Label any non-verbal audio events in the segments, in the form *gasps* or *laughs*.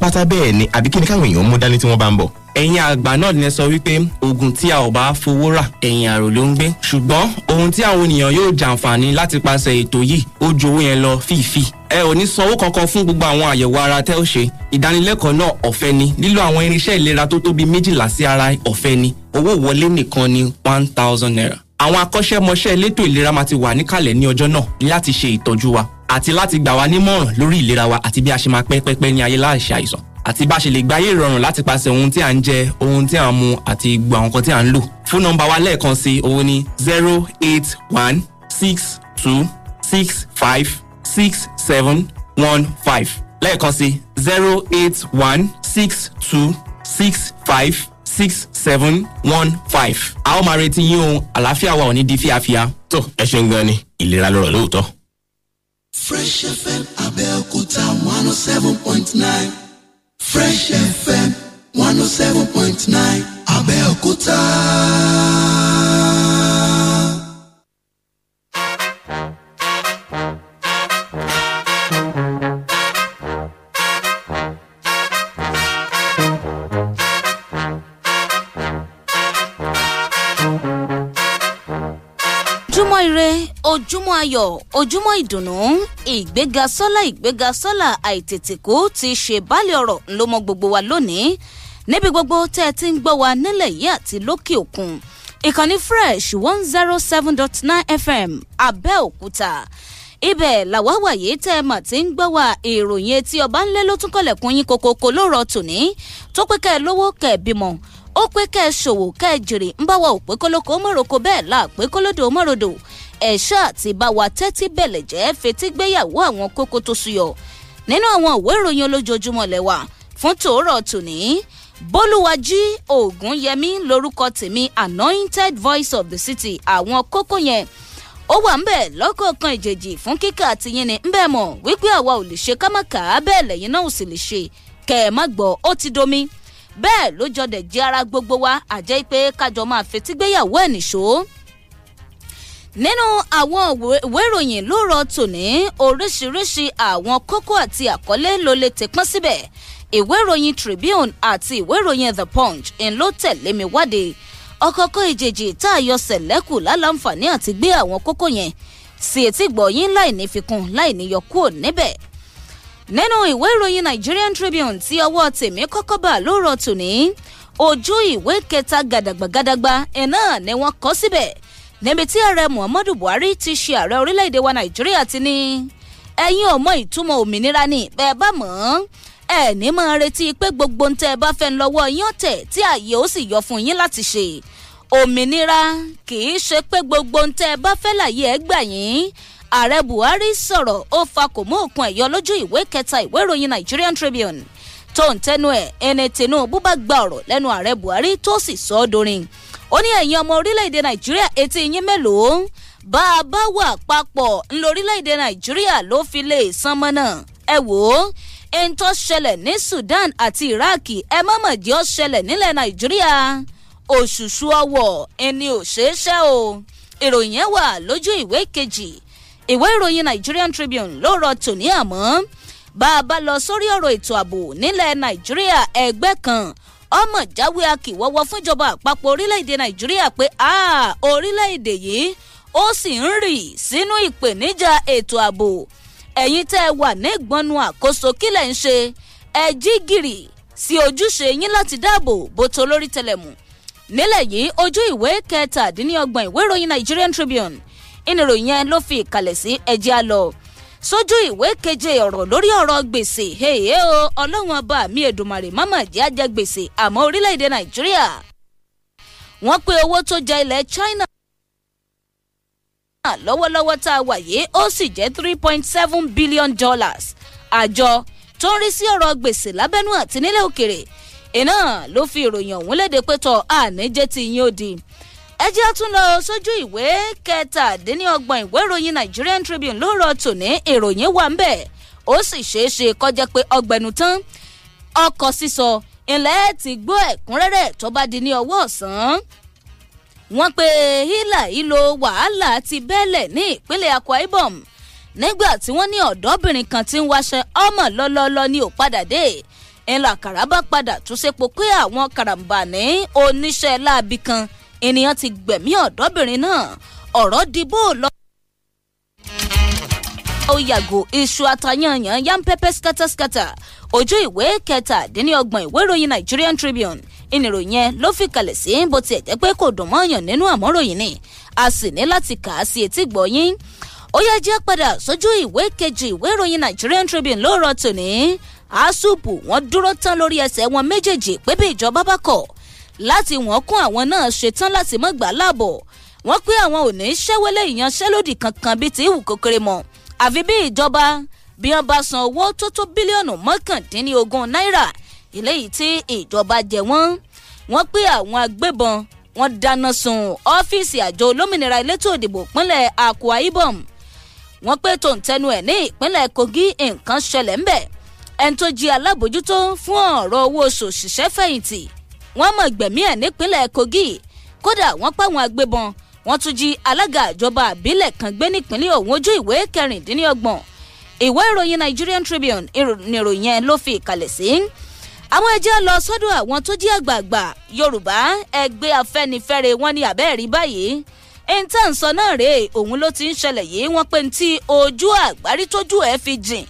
pátápátá bẹ́ẹ̀ ni àbí kí ni káwọn èèyàn mú dání tí wọ́n bá ń bọ̀. ẹ̀yin àgbà náà ni ẹ sọ wípé oògùn tí a ò bá fowó rà ẹ̀yìn àrò ló ń gbé ṣùgbọ́n ohun tí àwọn ènìyàn yóò jàǹfààní láti pàṣẹ ètò yìí ó ju owó yẹn lọ fífi ẹ ò ní sanwó kankan fún gbogbo àwọn àyẹ̀wò ara tẹ́ ó ṣe ìdánilẹ́kọ̀ọ́ náà ọ̀fẹ́ ni lílo àwọn irinṣẹ́ ìlera tó tóbi méjìlá sí ara ọ̀fẹ́ ni owó wọlé nìkan ni one thousand naira àwọn akọ́ṣẹ́mọṣẹ́ elétò ìlera máa ti wà níkàlẹ̀ ní ọjọ́ náà láti ṣe ìtọ́jú wa àti láti gbà wá nímọ̀ràn lórí ìlera wa àti bí a ṣe máa pẹ́ pẹ́pẹ́ ní ayé láìṣe àìsàn àti bá a ṣe lè gba ayé ìrọ̀rùn láti pàṣẹ ohun tí à ń jẹ ohun tí à ń mu àti gbogbo àwọn nǹkan tí à ń lò fún nọ́mbà wa lẹ́ẹ̀kan sí òun ni zero eight one six two six five six seven one five lẹ́ẹ̀kan sí zero eight one six two six five six seven one five a ó máa retí yín ohun àlàáfíà wa ò ní di fíafíà. tó ẹ ṣeun gan ni ìlera lọ́rọ̀ lóòótọ́. Fresh FM Abẹ́òkúta one oh seven point nine Fresh FM one oh seven point nine Abẹ́òkúta. ojúmọ́ ayọ̀ ojúmọ́ ìdùnnú ìgbéga sọ́lá ìgbéga sọ́lá àìtètèkú ti ṣe báàlì ọ̀rọ̀ ló mọ gbogbo wa lónìí níbi gbogbo tẹ́ ẹ ti ń gbọ́ wa nílẹ̀ yìí àti lókè òkun ìkànnì fresh one zero seven dot nine fm abẹ́òkúta ibẹ̀ làwa wàyé tẹ́ ẹ mà ti ń gbọ́ wa ìròyìn etí ọba ńlẹ́ ló tún kọlẹ̀kùn yín kokoko lóòrọ̀ tòní tó pé kẹ́ ẹ lówó kẹ́ ẹ bímọ ó pé kẹ́ ẹ ṣòwò kẹ́ ẹ jèrè ń bá wa òpékólókó mọ́ròkó bẹ́ẹ̀ la òpékólódò mọ́ròdò ẹ̀ṣọ́ àti ìbáwa tẹ́tí bẹ̀lẹ̀ jẹ́ fetí gbéyàwó àwọn kókó tó suyọ nínú àwọn ìwé ìròyìn olójoojúmọ́ lẹ́wà fún tòórọ̀ tòní bólúwájí ògúnyẹmí lórúkọ tèmi anointed voice of the city àwọn kókó yẹn ó wà ń bẹ̀ lọ́kọ̀ọ̀kan ìjèjì fún kíkà àti yín ni ń bẹ̀ mọ̀ wípé àwa ò lè ṣe kámákà bẹ́ẹ̀ lẹ́yìn náà ò sì lè ṣe kẹ̀ ẹ̀ má gbọ́ ó ti domi bẹ́ẹ̀ ló jọ dẹ̀ ara gbogbo wa àjẹ́ pé kájọ máa fetígbéyàwó ẹ̀ nìṣó nínú àwọn ìwé ìròyìn ló rọ tòní oríṣiríṣi àwọn kókó àti àkọlé ló lè ti pọ́n síbẹ̀ ìwé ìròyìn Tribune àti ìwé ìròyìn The Punch ń ló tẹ̀lé mi wádìí ọkọ̀ọ̀kọ̀ ìjèjì tá a yọ sẹ̀lẹ́kù lálàǹfààní àti gbé àwọn kókó yẹn sì ti gbọ̀yìn láìní fikún láìní yọ kúrò níbẹ̀. nínú ìwé ìròyìn Nigerian Tribune tí ọwọ́ tèmi kọ́kọ́ bà ló rọ tòní ojú ìwé kẹta gàdàgbàgàdàgbà ẹ̀ náà ni wọ́n kọ́ síbẹ̀. Si níbi tí ààrẹ muhammadu buhari ti ṣe ààrẹ orílẹ̀-èdè wa nàìjíríà ti ní ẹ̀yin ò mọ ìtumọ̀ òmìnira ni bẹ́ẹ̀ bá mọ̀ ọ́n ẹ ní máa retí pé gbogbo ń tẹ ẹ bá fẹ́ ń lọ́wọ́ yín ọ̀tẹ̀ tí ààyè ó sì yọ fún yín láti ṣe òmìnira kì í ṣe pé gbogbo ń tẹ ẹ bá fẹ́ láyé ẹ gbà yín ààrẹ buhari sọ̀rọ̀ ó fa kò mú òkun ẹ̀yọ lójú ìwé kẹta ìwé ìròyìn nigerian tribune tó ń tẹnu ẹ̀ ẹni tinubu bá gba ọ̀rọ̀ lẹ́nu ààrẹ buhari tó sì sọ ọ́ dorin ó ní ẹ̀yin ọmọ orílẹ̀-èdè nàìjíríà etí yín mélòó bá a bá wà papọ̀ ńlórílẹ̀-èdè nàìjíríà ló fi lè san mọ́nà ẹ wò ó ẹni tó ṣẹlẹ̀ ní sudan àti iraki ẹ mọ̀mọ̀ jẹ́ ó ṣẹlẹ̀ nílẹ̀ nàìjíríà òṣùṣù ọwọ̀ ẹni ò ṣeé ṣẹ́ o ìròyìn yẹn wà lójú ìwé kejì ìwé ìròyìn nigerian tribune ló rọ tòní àmọ́ bá a bá lọ sórí ọ̀rọ̀ ètò ààbò nílẹ̀ nàìjíríà ẹgbẹ́ kan ọmọ jáwé akíwọ́wọ́ fúnjọba àpapọ̀ orílẹ̀-èdè nàìjíríà pé orílẹ̀-èdè yìí ó sì ń rì sínú ìpèníjà ètò ààbò ẹ̀yin tẹ́ ẹ wà ní ìgbọ́nu àkóso kílẹ̀ ń ṣe ẹ jí gìrì sí ojúṣe yín láti dáàbò bó to lórí tẹlẹ̀mù nílẹ̀ yìí ojú ìwé kẹtàdínlọ́gbọ̀n ìwé ìròyìn nigerian tribune ìnìròyìn yẹn ló fi ìkàlẹ̀ sí ẹjẹ́ á lọ sójú ìwé keje ọ̀rọ̀ lórí ọ̀rọ̀ gbèsè èyí o oh, ọlọ́run ọba mi èdùmàrè mọ́mọ́ jẹ́ àjẹ gbèsè àmọ́ orílẹ̀-èdè nàìjíríà wọ́n pe owó tó jẹ ilẹ̀ china lọ́wọ́lọ́wọ́ tá a wà yìí ó sì jẹ́ three point seven billion dollars àjọ tó ń rí sí ọ̀rọ̀ gbèsè lábẹ́nú àti nílẹ̀ òkèrè iná ló fi ìròyìn ọ̀hún léde pé tọ́ àníjẹ́ ti yín ó di ẹ jẹ́ tún lọ sójú ìwé kẹtàdínlọ́gbọ̀n ìwé ìròyìn Nigerian Tribune lóòrọ̀ tòní ìròyìn wà ń bẹ̀ ó sì ṣeé ṣe kọjá pé ọgbẹ̀nu tán ọkọ̀ sísọ ilẹ̀ ti gbọ́ ẹ̀kúnrẹ́rẹ́ tó bá di ní ọwọ́ ọ̀sán wọ́n pe hila ìlò wàhálà ti bẹ́lẹ̀ ní ìpínlẹ̀ Akwa Ibom nígbà tí wọ́n ní ọ̀dọ́bìnrin kan ti ń wáṣẹ ọmọ lọ́lọ́lọ́ ní òpadà dé ńlá kàràbà padà tún ṣepo pé àwọn karambà ní oníṣẹ́ láabi kan ènìyàn ti gbẹ̀mí ọ̀dọ́bìnrin náà ọ̀rọ̀ dìbò lọ. ó yàgò iṣu atayanyan yam pẹpẹ skátáskátá ojú ìwé kẹtàdínlọ́gbọ̀n ìwé ìròyìn Nigerian Tribune ìnìròyìn yẹn ló fi kalẹ̀ sí bó tiẹ̀ jẹ́ pé kò dùn mọ́ọ̀yàn nínú àmọ́ròyìn ni a sì ní láti kà á sí etí gbọ̀yìn ó yẹ jẹ́ padà sójú ìwé kejì ìwé ìròyìn Nigerian Tribune lóòrọ̀ tòní asupu wọn dúró tán lórí ẹsẹ̀ wọn méjèèjì pé ìjọba bá kọ̀ láti wọ́n kún àwọn náà ṣetán láti mọ́ gbà láàbọ̀ wọ́n pé àwọn ò ní í ṣẹ́wélé ìyanṣẹ́lódì kankan bíi ti ìwù kékeré mọ́ àfi bí ìjọba bí wọ́n bá san owó tó tó bílíọ̀nù mọ́kàndínlógún náírà eléyìí tí ìjọba jẹ wọ́n wọ́n pé àwọn agbébọn wọ́n dáná sun ọ́fíìsì àjọ olómìnira elétò òdìbò ìpínlẹ̀ akwa ibom wọ́n pé tó ń tẹnu ẹ̀ ní ìpínlẹ̀ kogi nǹkan ṣẹlẹ̀ ńbẹ̀ ẹni tó jí alábòjútó fún ọ̀rọ̀ owó oṣù òṣìṣẹ́ fẹ̀yìntì wọ́n mọ̀ gbẹ̀mí ẹ̀ nípínlẹ̀ kogi kódà wọ́n páwọn agbébọn wọ́n tún jí alága ìjọba àbílẹ̀ kan gbé nípínlẹ̀ ọ̀hún ojú ìwé kẹrìndínlọ́gbọ̀n ìwé ìròyìn nigerian tribune ìròyìn yẹn ló fi ìkàlẹ̀ sí. àwọn ẹjẹ́ lọ sọ́dọ̀ àwọn tó jí àgbààgbà yorùbá ẹgbẹ́ afẹ́nifẹ́re wọn ni àbẹ́ẹ̀rí báyìí intansọ náà rèé òun ló ti ń ṣẹlẹ̀ yìí wọ́n pe ti ojú àgbárí tójú ẹ̀ fi jìn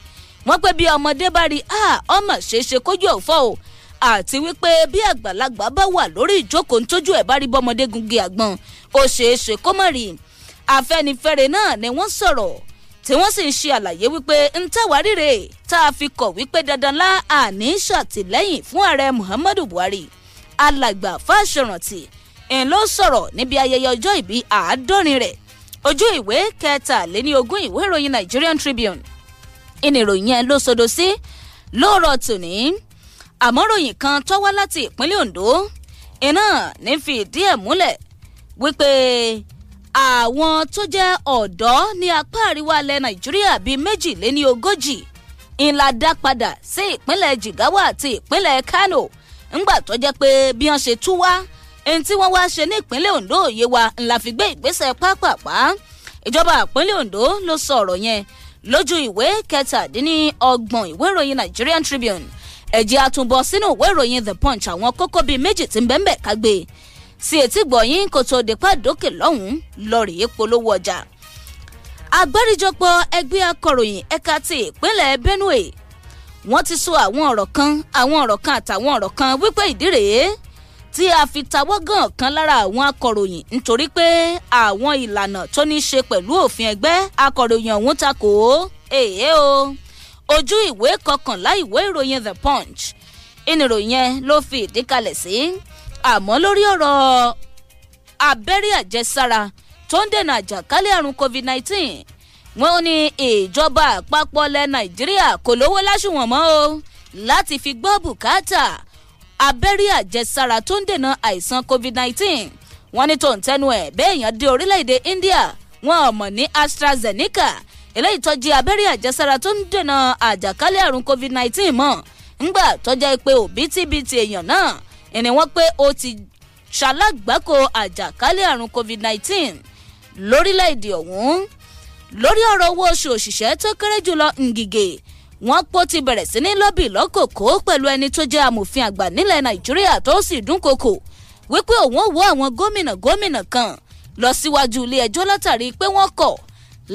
wọ́n pe bí ọmọdé bá rí ọmọ ṣeéṣe kójú òfò o àti wípé bí àgbàlagbà bá wà lórí ìjókòó ntójú ẹ̀ bá rí bọ́mọdé gungi àgbọn ó ṣeé ṣe kó mọ̀ rí afẹ́nifẹ́re náà ni wọ́n sọ̀rọ̀ tí wọ́n sì ń ṣe àlàyé wípé ń tàwárìrè tá a fi kọ̀ wípé dandan lá àní ṣàtìlẹ́yìn fún ààrẹ muhammadu buhari alàgbà fáṣọrántì ń ló sọ̀rọ̀ níbi ayẹyẹ ọjọ́ ìbí àádọ́rin rẹ̀ ojú ìwé kẹtàléní ogún ìwé ìròyìn nigerian tribune ìnìròyìn yẹn ló sodo sí lóòrọ̀ tòní àmọ́ kan tó wá láti ìpínlẹ̀ Ondo iná ní fi ìdí ẹ̀ múlẹ̀ wípé àwọn tó jẹ́ ọ̀dọ́ ní apá àríwá ilẹ̀ Nàìjíríà bíi méjìléní ogójì ńlá dá padà sí ìpínlẹ̀ Jigawa àti ìpínlẹ̀ Kano ńgbà tó jẹ́ pé bí wọ́n ṣe tú wá ẹni tí wọ́n wá ṣe ní ìpínlẹ̀ Ondo òye wa ńlá fi gbé ìgbésẹ̀ pápápá ìjọba ìpínlẹ̀ Ondo ló sọ ọ̀rọ̀ yẹn lójú ìwé kẹtàdínní ọgbọ̀n ìwé ìròyìn Nigerian Tribune ẹ̀jẹ̀ àtúnbọ̀ sínú ìwé ìròyìn the punch àwọn kókó bíi méjì tí ń bẹ́ẹ̀ bẹ́ẹ̀ kágbé sí etí gbọ̀nyìn kò tó dé pàdókè lọ́hùn-ún lọ́ọ̀rì ìpolówó ọjà. àgbáríjọpọ̀ ẹgbẹ́ akọ̀ròyìn ẹ̀ka ti ìpínlẹ̀ benue wọ́n ti sọ àwọn ọ̀rọ̀ kan àwọn ọ̀rọ̀ kan àtàwọn ọ̀rọ̀ kan wípé ìdí rèé tí a fi tawọ́ gàn kan lára àwọn akọ̀ròyìn nítorí pé àwọn ìlànà tó ní í ṣe pẹ̀lú òfin ẹgbẹ́ akọ̀ròyìn ọ̀hún ta ó èyí o. Hey, hey, oh ojú ìwé kọkànlá ìwé ìròyìn the punch ìnìròyìn yẹn ló fi ìdí kalẹ̀ sí àmọ́ lórí ọ̀rọ̀ abẹ́rẹ́ àjẹsára tó ń dènà àjàkálẹ̀ àrùn covid-19 wọn ní ìjọba àpapọ̀ ilẹ̀ nàìjíríà kò lówó láṣùwọ̀n mọ́ o láti fi gbọ́ bùkátà abẹ́rẹ́ àjẹsára tó ń dènà àìsàn covid-19 wọn ní tòun tẹnu ẹ̀ bẹ́ẹ̀ yẹn dé orílẹ̀-èdè india wọn ò mọ̀ ní astrazeneca eléyìí tọ́jú abẹ́rẹ́ àjẹsára tó ń dènà àjàkálẹ̀ àrùn covid-19 mọ́ ńgbà tọ́jà pé òbítíbitì èèyàn náà ìní wọ́n pé ó ti ṣalágbákò àjàkálẹ̀ àrùn covid-19 lórílẹ̀‐èdè ọ̀hún lórí ọ̀rọ̀ owó oṣù òṣìṣẹ́ tó kéré jùlọ ngige wọ́n pọ̀ ti bẹ̀rẹ̀ sí ní lọ́bì lọ́kòkó pẹ̀lú ẹni tó jẹ́ amòfin àgbà nílẹ̀ nàìjíríà tó sì dúnkokò wípé òun ò wọ àwọn gómìnà gómìnà kan lọ síwájú ilé ẹjọ́ látàrí pé wọ́n kọ̀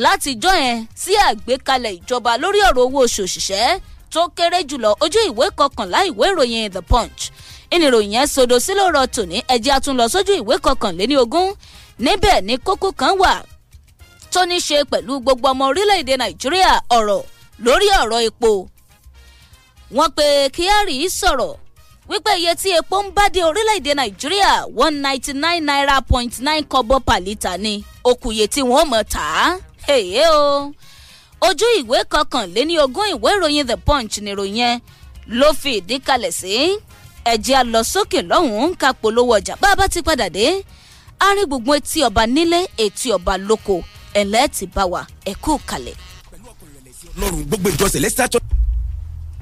látijọ́ yẹn sí àgbékalẹ̀ ìjọba lórí ọ̀rọ̀ owó oṣù òṣìṣẹ́ tó kéré jùlọ ojú ìwé kọkànlá ìwé ìròyìn the punch ìnìròyìn yẹn sodo sí lóòrọ̀ tòní ẹ̀jẹ̀ àtúnlọ sójú ìwé kọkànléní ogún níbẹ̀ ni kókó kan wà tó ní ṣe pẹ̀lú gbogbo ọmọ orílẹ̀-èdè nàìjíríà ọ̀rọ̀ lórí ọ̀rọ̀ epo wọ́n pe kyari sọ̀rọ̀ wípé iye tí epo ń bá dé orílẹ̀-èdè nàìjíríà one ninety nine naira point nine kobo per litre ni okùn iye tí wọ́n mọ̀ tà èyí o oh. ojú ìwé kọkànléní ogún ìwé ìròyìn the punch nìròyìn ẹ ló fi ìdí kalẹ̀ sí ẹ̀jẹ̀ àlọ́ sókè lọ́hùn-ún ká polówó ọjà bá a bá ti padà dé arígbùngbùn etí ọba nílé etí ọba lóko ẹ̀lẹ́ ti bá wa ẹ̀kú kalẹ̀. pẹ̀lú ọkùnrin rẹ̀ ọlọ́run gbogbo ìjọ celestial church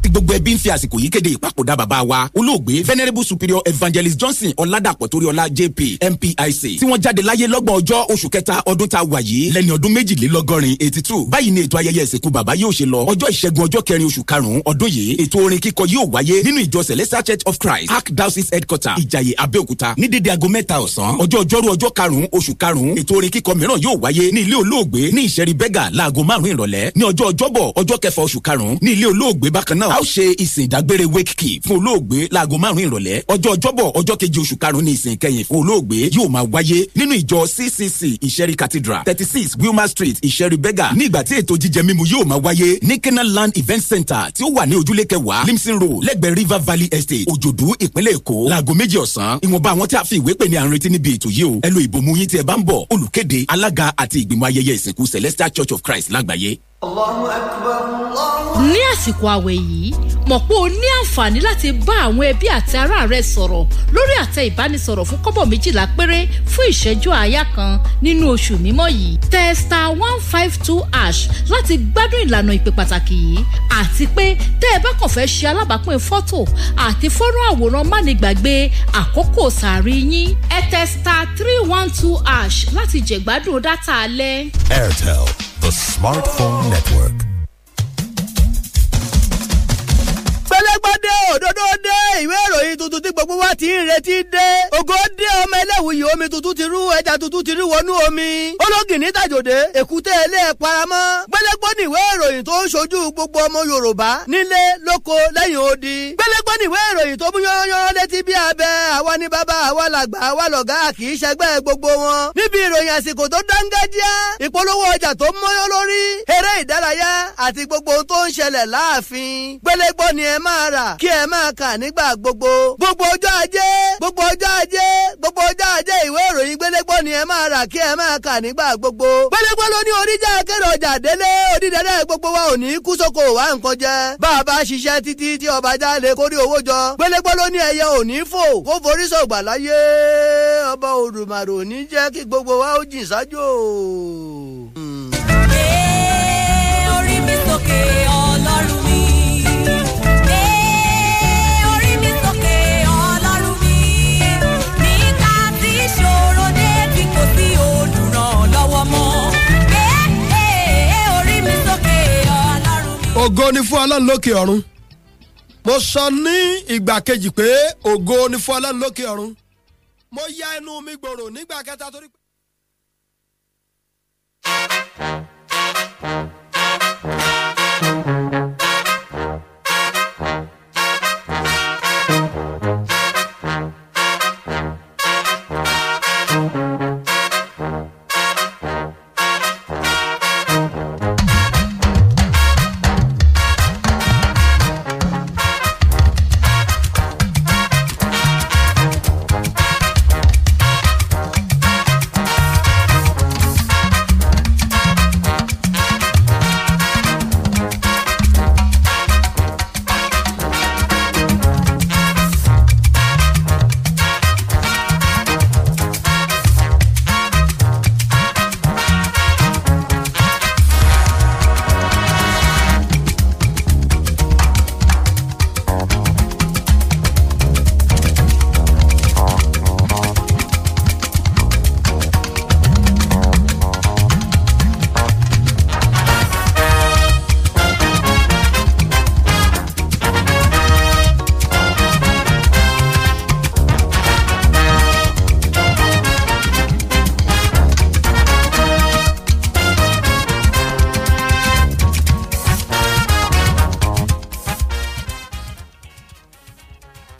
tí gbogbo ẹbí ń fi àsìkò yìí kéde ìpapòdà bàbá wa olóògbé venerable superior evangelist johnson ọ̀làdàpọ̀ toríọlá jp mpic tí wọ́n jáde láyé lọ́gbọ̀n ọjọ́ oṣù kẹta ọdún tá a wà yìí lẹ́ni ọdún méjìlélọ́gọ́rin eighty two báyìí ni ètò ayẹyẹ ìsìnkú bàbá yóò ṣe lọ ọjọ́ ìṣẹ́gun ọjọ́ kẹrin oṣù karùn-ún ọdún yìí ètò orin kíkọ yóò wáyé nínú ìjọ celestial church of christ ark diocese headquarter ìjàyè abẹ́òkúta ní dédé aago mẹ́ta ọ̀sán ọjọ́ ọjọ́rú ọjọ́ karùn-ún oṣù karùn-ún ètò orin kíkọ mìíràn yóò wáyé ní ilé olóògbé ní ìṣẹ́rí bẹ́gà láago márùn-ún ìrọ̀lẹ́ ní ọjọ́ ọjọ́bọ̀ ọjọ́ a ó ṣe ìsìn ìdágbére wake key fún olóògbé láago márùn-ún ìrọ̀lẹ́ ọjọ́ ọjọ́bọ̀ ọjọ́ keje oṣù karùn-ún ní ìsìn kẹyìn fún olóògbé yóò máa wáyé nínú ìjọ ccc ìṣẹ́rí cathedral thirty six wilma street ìṣẹ́rí berger ní ìgbà tí ètò jíjẹ mímu yóò máa wáyé ní canal land event center tí ó wà ní ojúlé kẹwàá limson road lẹ́gbẹ̀ẹ́ river valley estate òjòdú ìpínlẹ̀ èkó láago méjì ọ̀sán ìwọ̀nba àwọn tí a fi ìwé pè ní àrètí níbi ètò yìí o ẹ lo ìbomú yín tí ẹ bá ń bọ̀ olùkéde alága àti ìgbìmọ̀ ayẹyẹ ìsìnkú celestial church of christ lágbàáyé ní àsìkò àwẹ̀ yìí mọ̀ pé o ní àǹfààní láti bá àwọn ẹbí àti ará rẹ sọ̀rọ̀ lórí àtẹ ìbánisọ̀rọ̀ fún kọ́bọ̀ méjìlá péré fún ìṣẹ́jú àáyá kan nínú oṣù mímọ́ yìí tẹ star one five two ash láti gbádùn ìlànà ìpè pàtàkì yìí àti pé tẹ́ ẹ bá kàn fẹ́ ṣe alábàápín fọ́tò àti fọ́nrán àwòrán mánigbàgbé àkókò sàárì yín ẹ tẹ star three one two ash láti jẹ̀gbádùn dátà alẹ́. airtel The Smartphone Network. gbẹlẹgbẹ òdodo dé ìwé ìròyìn tuntun tí gbogbo wa ti ń retí dé ògo òkúyè omi tuntun ti rú ẹja tuntun ti rú wọnú omi. ológìní tàjòdè èkúté ilé ẹ̀ paramọ́. gbélégbó ni ìwé ìròyìn tó ń ṣojú gbogbo ọmọ yorùbá nílé lóko lẹ́yìn odi. gbélégbó ni ìwé ìròyìn tó mú yọ́nyọ́nyọ́ létí bí abẹ àwa ni bàbá àwa làgbà àwa lọ̀gá kì í ṣẹgbẹ́ gbogbo wọn. níbi ìròyìn àsìkò tó dángájíá ìpolówó ọjà tó mọ́yọ́ lórí eré ìdárayá àti gbogbo ohun tó ń ṣẹlẹ̀ láàfin. gbélégbó jẹ́ ìwé ìròyìn gbélégbó ni ẹ máa rà kí ẹ máa kà nígbà gbogbo. gbélégbó ló ní oríjà akérò ọjà délé onídẹ̀ẹ́dẹ́ gbogbo wa ò ní kú sóko wá nǹkan jẹ. bá a tí ọba já lè owó jọ. ló ní ẹyẹ ò fò forí sọ̀gbà láyé ọba ní jẹ́ kí gbogbo wa ó jìn ògo ni fún ọlọ́run lókè ọ̀run mo sọ ní ìgbà kejì pé ògo ni fún ọlọ́run lókè ọ̀run mo ya inú mi gbòòrò nígbà kẹta torí Thank you.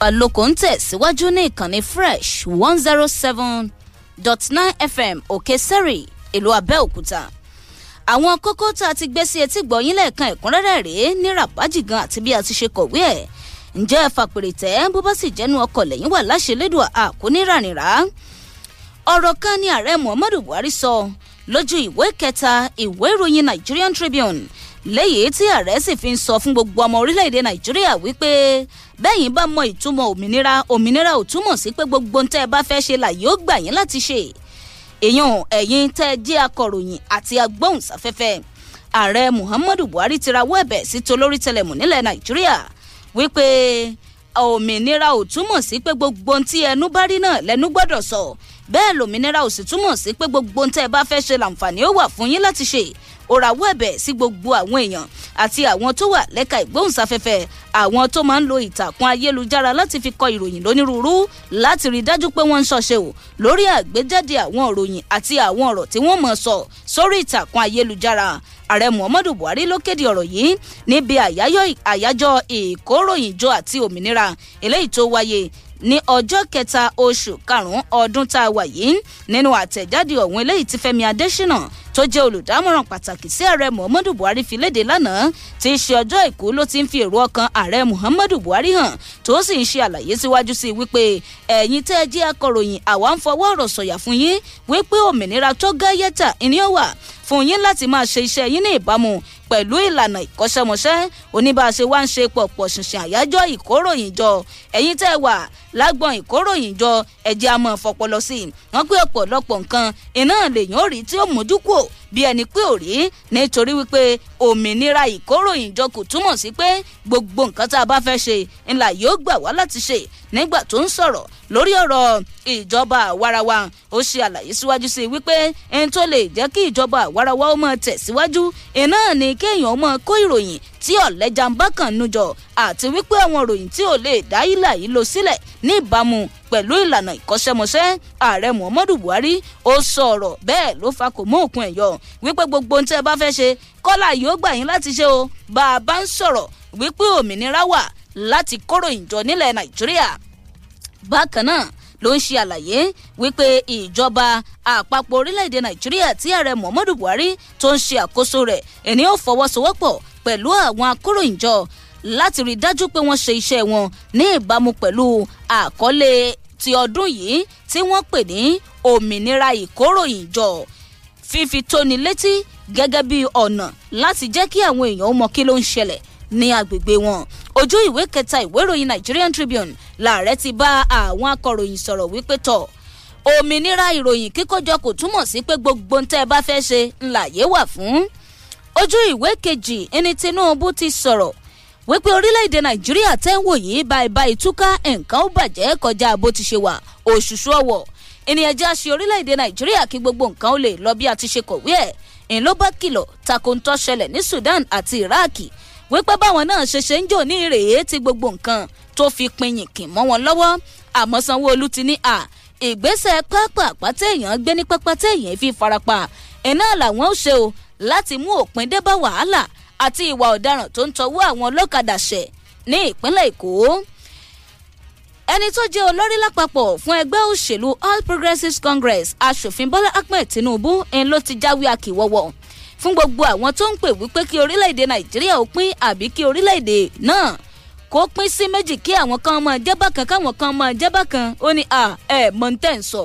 Balóko ń tẹ̀síwájú ní ìkànnì fresh one zero oh seven dot nine fm òkè sẹ́rì ìlú Abẹ́òkúta àwọn kókó tá a ti gbé sí etí gbọ̀yìn lẹ́ẹ̀kan ẹ̀kúnrẹ́rẹ́ rèé ní rabaji gan àti bí a ti ṣe kọ̀wé ẹ̀ ǹjẹ́ ẹ fàpèrè tẹ́ bó bá sì jẹ́nu ọkọ̀ lẹ́yìn wà láṣẹlẹ́dùn àkónírànìrà ọ̀rọ̀ kan ni ààrẹ Muhammadu Buhari sọ lójú ìwé kẹta ìwé ìròyìn Nigerian Tribune léyìí tí ààrẹ sì fi ń sọ fún gbogbo ọmọ orílẹ̀-èdè nàìjíríà wípé bẹ́yìn bá mọ ìtumọ̀ òmìnira òmìnira ò túmọ̀ sí pé gbogbo ohun tẹ́ ẹ bá fẹ́ ṣe là yóò gbà yín láti ṣe èèyàn ẹ̀yin tẹ́ ẹ jẹ́ akọ̀ròyìn àti agbóhùnsáfẹ́fẹ́ ààrẹ muhammadu buhari ti rawọ́ ẹ̀bẹ̀ sí tolórí tẹlẹ̀mù nílẹ̀ nàìjíríà wípé òmìnira ò túmọ̀ sí pé gbogbo ohun tí ẹnu bá rí náà lẹ́nu gbọ́dọ̀ sọ bẹ́ẹ̀ lòmìnira ò sì túmọ̀ sí pé gbogbo ohun tẹ́ ẹ bá fẹ́ ṣe làǹfààní ó wà fún yín láti ṣe ó rawọ́ ẹ̀bẹ̀ sí gbogbo àwọn èèyàn àti àwọn tó wà lẹ́ka ìgbóhùnsáfẹ́fẹ́ àwọn tó máa ń lo ìtàkùn ayélujára láti fi kọ ìròyìn lónírúurú láti rí dájú pé wọ́n ń ṣọṣe o lórí àgbéjáde àwọn ìròyìn àti àwọn ọ̀rọ̀ tí wọ́n mọ̀ sọ sórí ìtàkùn ayélujára ààrẹ muhammadu buhari ló kéde ọ̀rọ̀ yìí níbi àyájọ́ ìkóròyìnjọ àti òmìnira eléyìí tó wáyé ní ọjọ́ kẹta oṣù karùn-ún ọdún tá a wà yìí nínú àtẹ̀jáde ọ̀hún eléyìí tí fẹ́mi adésínà tó jẹ́ olùdámọ̀ràn pàtàkì sí ààrẹ muhammadu buhari fi léde lánàá tí í ṣe ọjọ́ àìkú ló ti ń fi èrò ọkàn ààrẹ muhammadu buhari hàn tó sì ń ṣe àlàyé síwájú sí i wípé ẹ̀yin tẹ́ ẹ jẹ́ akọ̀ròyìn àwa ń fọwọ́ ọ̀rọ̀ sọ̀yà fún yín wípé òmìnira tó gáyẹ́tà ìní ọ̀wà fún yín láti máa ṣe iṣẹ́ yín ní ìbámu pẹ̀lú ìlànà ìkọ́ṣẹ́mọṣẹ́ oníbàṣe wá ń ṣe pọ̀pọ̀ ṣìnṣìn àyájọ́ ìkóròyìn jọ ẹ̀yin tẹ́ wà lágbọ̀n ìkóròyìn ẹ̀jẹ̀ àmọ́ ìfọpọlọ sí wọ́n pé ọ̀pọ̀lọpọ̀ nǹkan iná lèyàn rí tí ó mójú kúò bí ẹni pé ò rí nítorí wípé òmìnira ìkóròyìnjọ kò túmọ̀ sí pé gbogbo nǹkan tá a bá fẹ́ ṣe ńlá yóò gbà wá láti ṣe nígbà tó ń sọ̀rọ̀ lórí ọ̀rọ̀ ìjọba àwarawa ó ṣe àlàyé síwájú sí i wípé ẹni tó lè jẹ́ kí ìjọba àwarawa ó máa tẹ̀síwájú iná ni kéèyàn máa kó ìròyìn tí ọ̀lẹ́jà ń bá kàn nu jọ àti wípé àwọn ìròyìn tí ò lè dá ìlà yìí lọ sílẹ̀ ní ìbámu pẹ̀lú ìlànà ìkọ́ṣẹ́mọṣẹ́ ààrẹ muhammadu buhari ó sọ̀rọ̀ bẹ́ẹ̀ ló fa kò mú òkun ẹ̀yọ wípé gbogbo ohun tẹ́ ẹ bá fẹ́ ṣe kọ́là yóò gbà yín láti ṣe o bá a bá ń sọ̀rọ̀ wípé òmìnira wà láti kóròyìn jọ nílẹ̀ nàìjíríà bákan náà ló ń ṣe àlàyé wípé ìjọba àpapọ̀ orílẹ̀-èdè nàìjíríà tí ààrẹ muhammadu buhari tó ń ṣe àkóso rẹ̀ ẹni ó fọwọ́sowọ́pọ̀ pẹ̀lú àwọn akóròyìnjọ láti rí dájú pé wọ́n ṣe iṣẹ́ wọn ní ìbámu pẹ̀lú àkọlé ti ọdún yìí tí wọ́n pè ní òmìnira ìkóròyìnjọ fífi tóni létí gẹ́gẹ́ bí ọ̀nà láti jẹ́ kí àwọn èèyàn mọ kí ló ń ṣẹlẹ̀ ní agbègbè wọn ojú ìwé kẹta ìwé ìròyìn Nigerian Tribune lààrẹ ti bá àwọn akọ̀ròyìn sọ̀rọ̀ wípé tọ̀ òmìnira ìròyìn kíkójọ kò túmọ̀ sí pé gbogbo ń tẹ́ ẹ bá fẹ́ ṣe ńláyé wà fún. ojú ìwé kejì ẹni Tinubu ti sọ̀rọ̀ wípé orílẹ̀-èdè Nàìjíríà tẹ́ ń wò yìí báibá ìtúká nǹkan ó bàjẹ́ kọjá bó ti ṣe wà òṣùṣù ọ̀wọ̀ ènìyàn já ṣe orílẹ̀-èdè Nàìjíríà kí gbogbo nǹkan ó lè lọ bí a ti ṣe kọ̀wé ẹ̀ ń bá kìlọ̀ tako ní Sudan àti Iraki wípé báwọn náà ṣe ṣe ń jò ní rèé tí gbogbo nǹkan tó fi pinyìn kì mọ́ wọn lọ́wọ́ àmọ́ sanwó-olu ti ní à ìgbésẹ̀ pápá pátẹ́ èèyàn gbé ní pápá tẹ́ èèyàn fi farapa iná làwọn ó ṣe o láti mú òpin dé bá wàhálà àti ìwà ọ̀daràn tó ń tọwọ́ àwọn ọlọ́kadà ṣẹ̀ ní ìpínlẹ̀ èkó ẹni tó jẹ́ olórí lápapọ̀ fún ẹgbẹ́ òṣèlú all progressives congress asòfin bọ́lá ahmed tinubu ń ló ti jáwé akíwọ́wọ́ fún gbogbo àwọn tó ń pè wípé kí orílẹ̀-èdè nàìjíríà ó pín àbí kí orílẹ̀-èdè náà kó pín sí méjì kí àwọn kan máa jẹ́ bákan káwọn kan máa jẹ́ bákan ó ní à ẹ̀ mọ̀ntẹ́ǹ sọ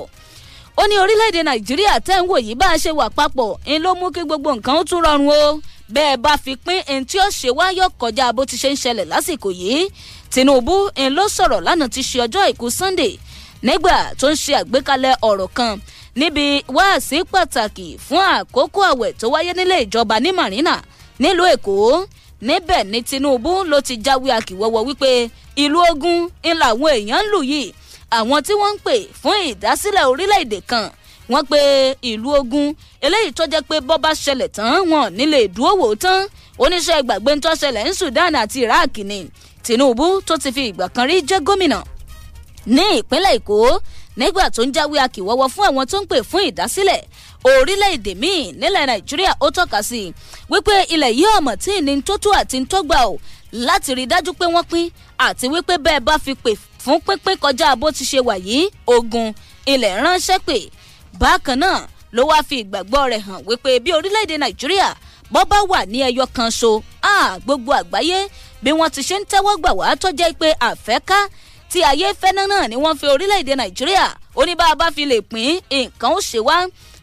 ó ní orílẹ̀-èdè nàìjíríà tẹ́ ń wò yìí bá a ṣe wà papọ̀ ń ló mú kí gbogbo nǹkan ó tún rọrùn o bẹ́ẹ̀ bá fi pín ẹni tí ó ṣe wáyọ̀ kọjá bó ti ṣe ń ṣẹlẹ̀ lásìkò yìí tinubu ń ló sọ̀rọ̀ lánàá ti ṣe ọjọ́ àìkú sunday nígbà tó ń ṣe àgbékalẹ̀ ọ̀rọ̀ kan níbi wáàsí pàtàkì fún àkókò àwẹ̀ tó wáyé nílé ìjọba ní marina nílùú èkó níbẹ̀ ni tinubu ló ti jáwé àkìwọ́wọ́ wípé ìlú ogun ńlá àwọn èèyàn ń lù yìí àwọn tí wọ́n ń pè fún ìdásílẹ̀ orílẹ̀-èdè kan wọ́n pe ìlú ogun eléyìí tó jẹ́ pé bọ́bá ṣẹlẹ̀ tán wọn nílé ìdúówò tán oníṣẹ́ gbàgbé tó ṣẹlẹ̀ ní sudan àti iraq ni tinubu tó ti fi ìgbà kan rí jẹ́ gómìnà ní ìpínlẹ̀ èkó nígbà tó ń jáwé akíwọ́wọ́ fún àwọn tó ń pè fún ìdásílẹ̀ orílẹ̀-èdè míì nílẹ̀ nàìjíríà ó tọ́ka sí i wípé ilẹ̀ yìí ọ̀mọ̀ tí ní tó tó àti tó gbà ó láti rí dájú pé wọ́n pín àti wípé bẹ́ẹ̀ bá fi pè fún pínpín kọjá bó ti ṣe wà yìí ogun ilẹ̀ ránṣẹ́ pè bákan náà ló wáá fi ìgbàgbọ́ rẹ̀ hàn wípé bí orílẹ̀-èdè nàìjíríà bọ́ bá wà ní ẹyọ kan so ah, gbogbo àgbáyé bí wọ́n ti ṣe ń tẹ́wọ́ gbà wá tó jẹ́ pé àfẹ́ká tí ayé fẹ́ náà ni wọ́n fi orílẹ̀-èdè nàìjíríà ó ní bá a bá fi lè pín nǹkan ó ṣe wá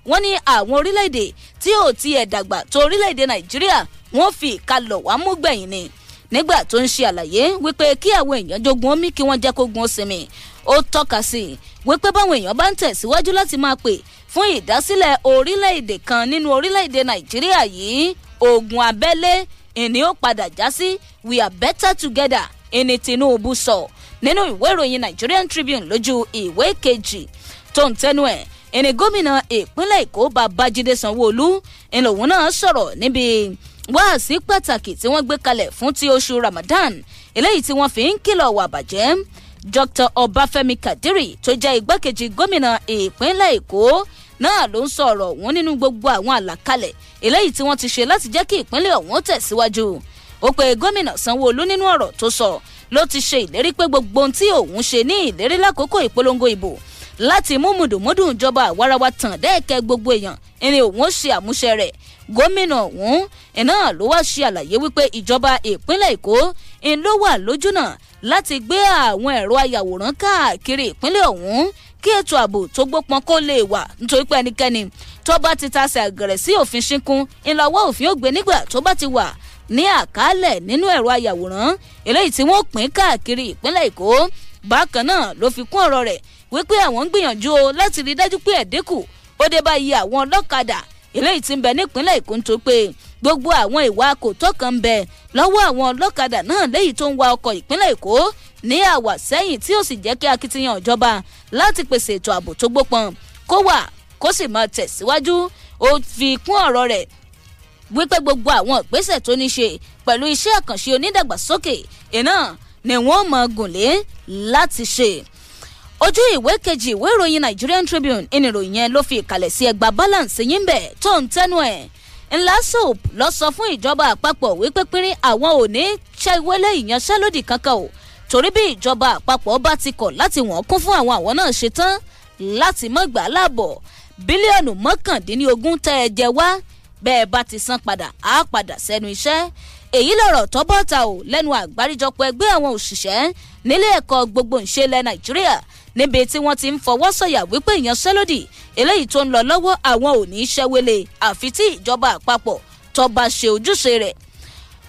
wọ́n ní àwọn orílẹ̀-èdè tí ò tiẹ̀ dàgbà tó orílẹ̀-èdè nàìjíríà wọ́n fi ìkalọ̀ wá mú gbẹ̀yìn ni nígbà tó ń ṣe àlàyé wípé kí àwọn èèyàn jogun omi kí wọ́n jẹ́ kógun ó sinmi ó tọ́ka sí i wípé báwọn èèyàn bá ń tẹ̀síwájú láti máa pè fún ìdásílẹ̀ orílẹ̀-èdè kan nínú orílẹ̀-èdè nàìjíríà yìí ogun abẹ́lé ìní ó padà já sí we are better together ìní tinubu sọ. So nínú ìwé ìròyìn Nigerian Tribune lójú ìwé kejì tó ń tẹnu ẹ̀ ẹni gómìnà ìpínlẹ̀ Èkó Babájídé Sanwó-Olú ìlòhùn náà sọ̀rọ̀ níbi wáàsí pàtàkì tí wọ́n gbé kalẹ̀ fún ti oṣù Ramadan eléyìí tí wọ́n fi ń kìlọ̀ wà bàjẹ́ Dr. Ọbáfẹ́mi Kadiri tó jẹ́ igbákejì gómìnà ìpínlẹ̀ Èkó náà ló ń sọ ọ̀rọ̀ ọ̀hún nínú gbogbo àwọn àlàkalẹ̀ eléyìí tí wọ́n ti ṣe láti jẹ́ kí ìpínlẹ̀ ọ̀hún tẹ̀síwájú ó pe gómìnà Sanwó-Olú nínú ọ̀rọ̀ tó sọ so ló ti ṣe ìlérí pé gbogbo ohun tí òun ṣe ní ìlérí lákòókò ìpolongo ìbò láti mú mùdùmúdù ìjọba àwarawa tàn dẹ́ẹ̀kẹ́ gbogbo èèyàn ìní òun ó ṣe àmúṣe rẹ̀ gómìnà ọ̀hún iná ló wá ṣe àlàyé wípé ìjọba ìpínlẹ̀ èkó ń ló wà lójúnà láti gbé àwọn ẹ̀rọ ayàwòrán káàkiri ìpínlẹ̀ ọ̀hún kí ètò ààbò tó gbópọn kó lè wà nítorí pé ẹnikẹ́ni tó bá ti tasẹ̀ àgẹ̀rẹ̀ sí òfin ṣínkún ńlọ́wọ́ òfin ó nígbà tó bá ti wà ní àkálẹ̀ nínú ẹ̀rọ ayàwòrán eléyìí tí wọ́n pín káàkiri ìpínlẹ̀ èkó bákan náà ló fi kún ọ̀rọ̀ rẹ̀ wípé àwọn ń gbìyànjú o láti rí dájú pé ẹ̀dínkù ó dé bá iye àwọn ọlọ́kadà eléyìí tí ń bẹ nípínlẹ̀ èkó ń tó pé gbogbo àwọn ìwà kò tọ́kàn ń bẹ lọ́wọ́ àwọn ọlọ́kadà náà léyìí tó ń wa ọkọ̀ ìpínlẹ̀ èkó ní àwà sẹ́yìn tí ó sì jẹ́ kí akitiyan ìjọba láti pèsè ètò ààbò tó gbópọn kó wà kó sì máa tẹ̀síwájú ó fi kún ọ̀rọ̀ rẹ̀ wípé gbogbo àwọn ìgbésẹ̀ tó ní ṣe pẹ̀lú iṣẹ́ àkànṣe onídàgbàsókè iná ni wọ́n mọ̀ gùnlé láti ṣe ojú ìwé kejì ìwé ìròyìn Nigerian Tribune ìnìròyìn yẹn ló fi ìkàlẹ̀ sí ẹgbàá balance yín bẹ̀ tó ń tẹ́nu ẹ̀ ńlá soap lọ sọ fún ìjọba àpapọ̀ wípé pínrín àwọn ò ní ṣẹ́wélé ìyanṣẹ́lódì kankan o torí bí ìjọba àpapọ̀ bá ti kọ̀ láti wọ́n kún fún àwọn àwọn náà ṣetán láti mọ́ gbà láàbọ̀ bílíọ̀nù mọ́kàndínlógún tẹ́ ẹ jẹ wá bẹ́ẹ̀ bá ti san padà á padà sẹ́nu iṣẹ́ èyí lọ̀rọ̀ tọ́bọ̀ ta ò lẹ́nu àgbáríjọpọ̀ ẹgbẹ́ àwọn òṣìṣẹ́ nílé ẹ̀kọ́ gbogbo ìṣe ilẹ̀ nàìjíríà níbi tí wọ́n ti ń fọwọ́ sọ̀yà wípé ìyanṣẹ́lódì eléyìí tó ń lọ lọ́wọ́ àwọn ò ní í ṣẹ́wélé àfi tí ìjọba àpapọ̀ tọba ṣe ojúṣe rẹ̀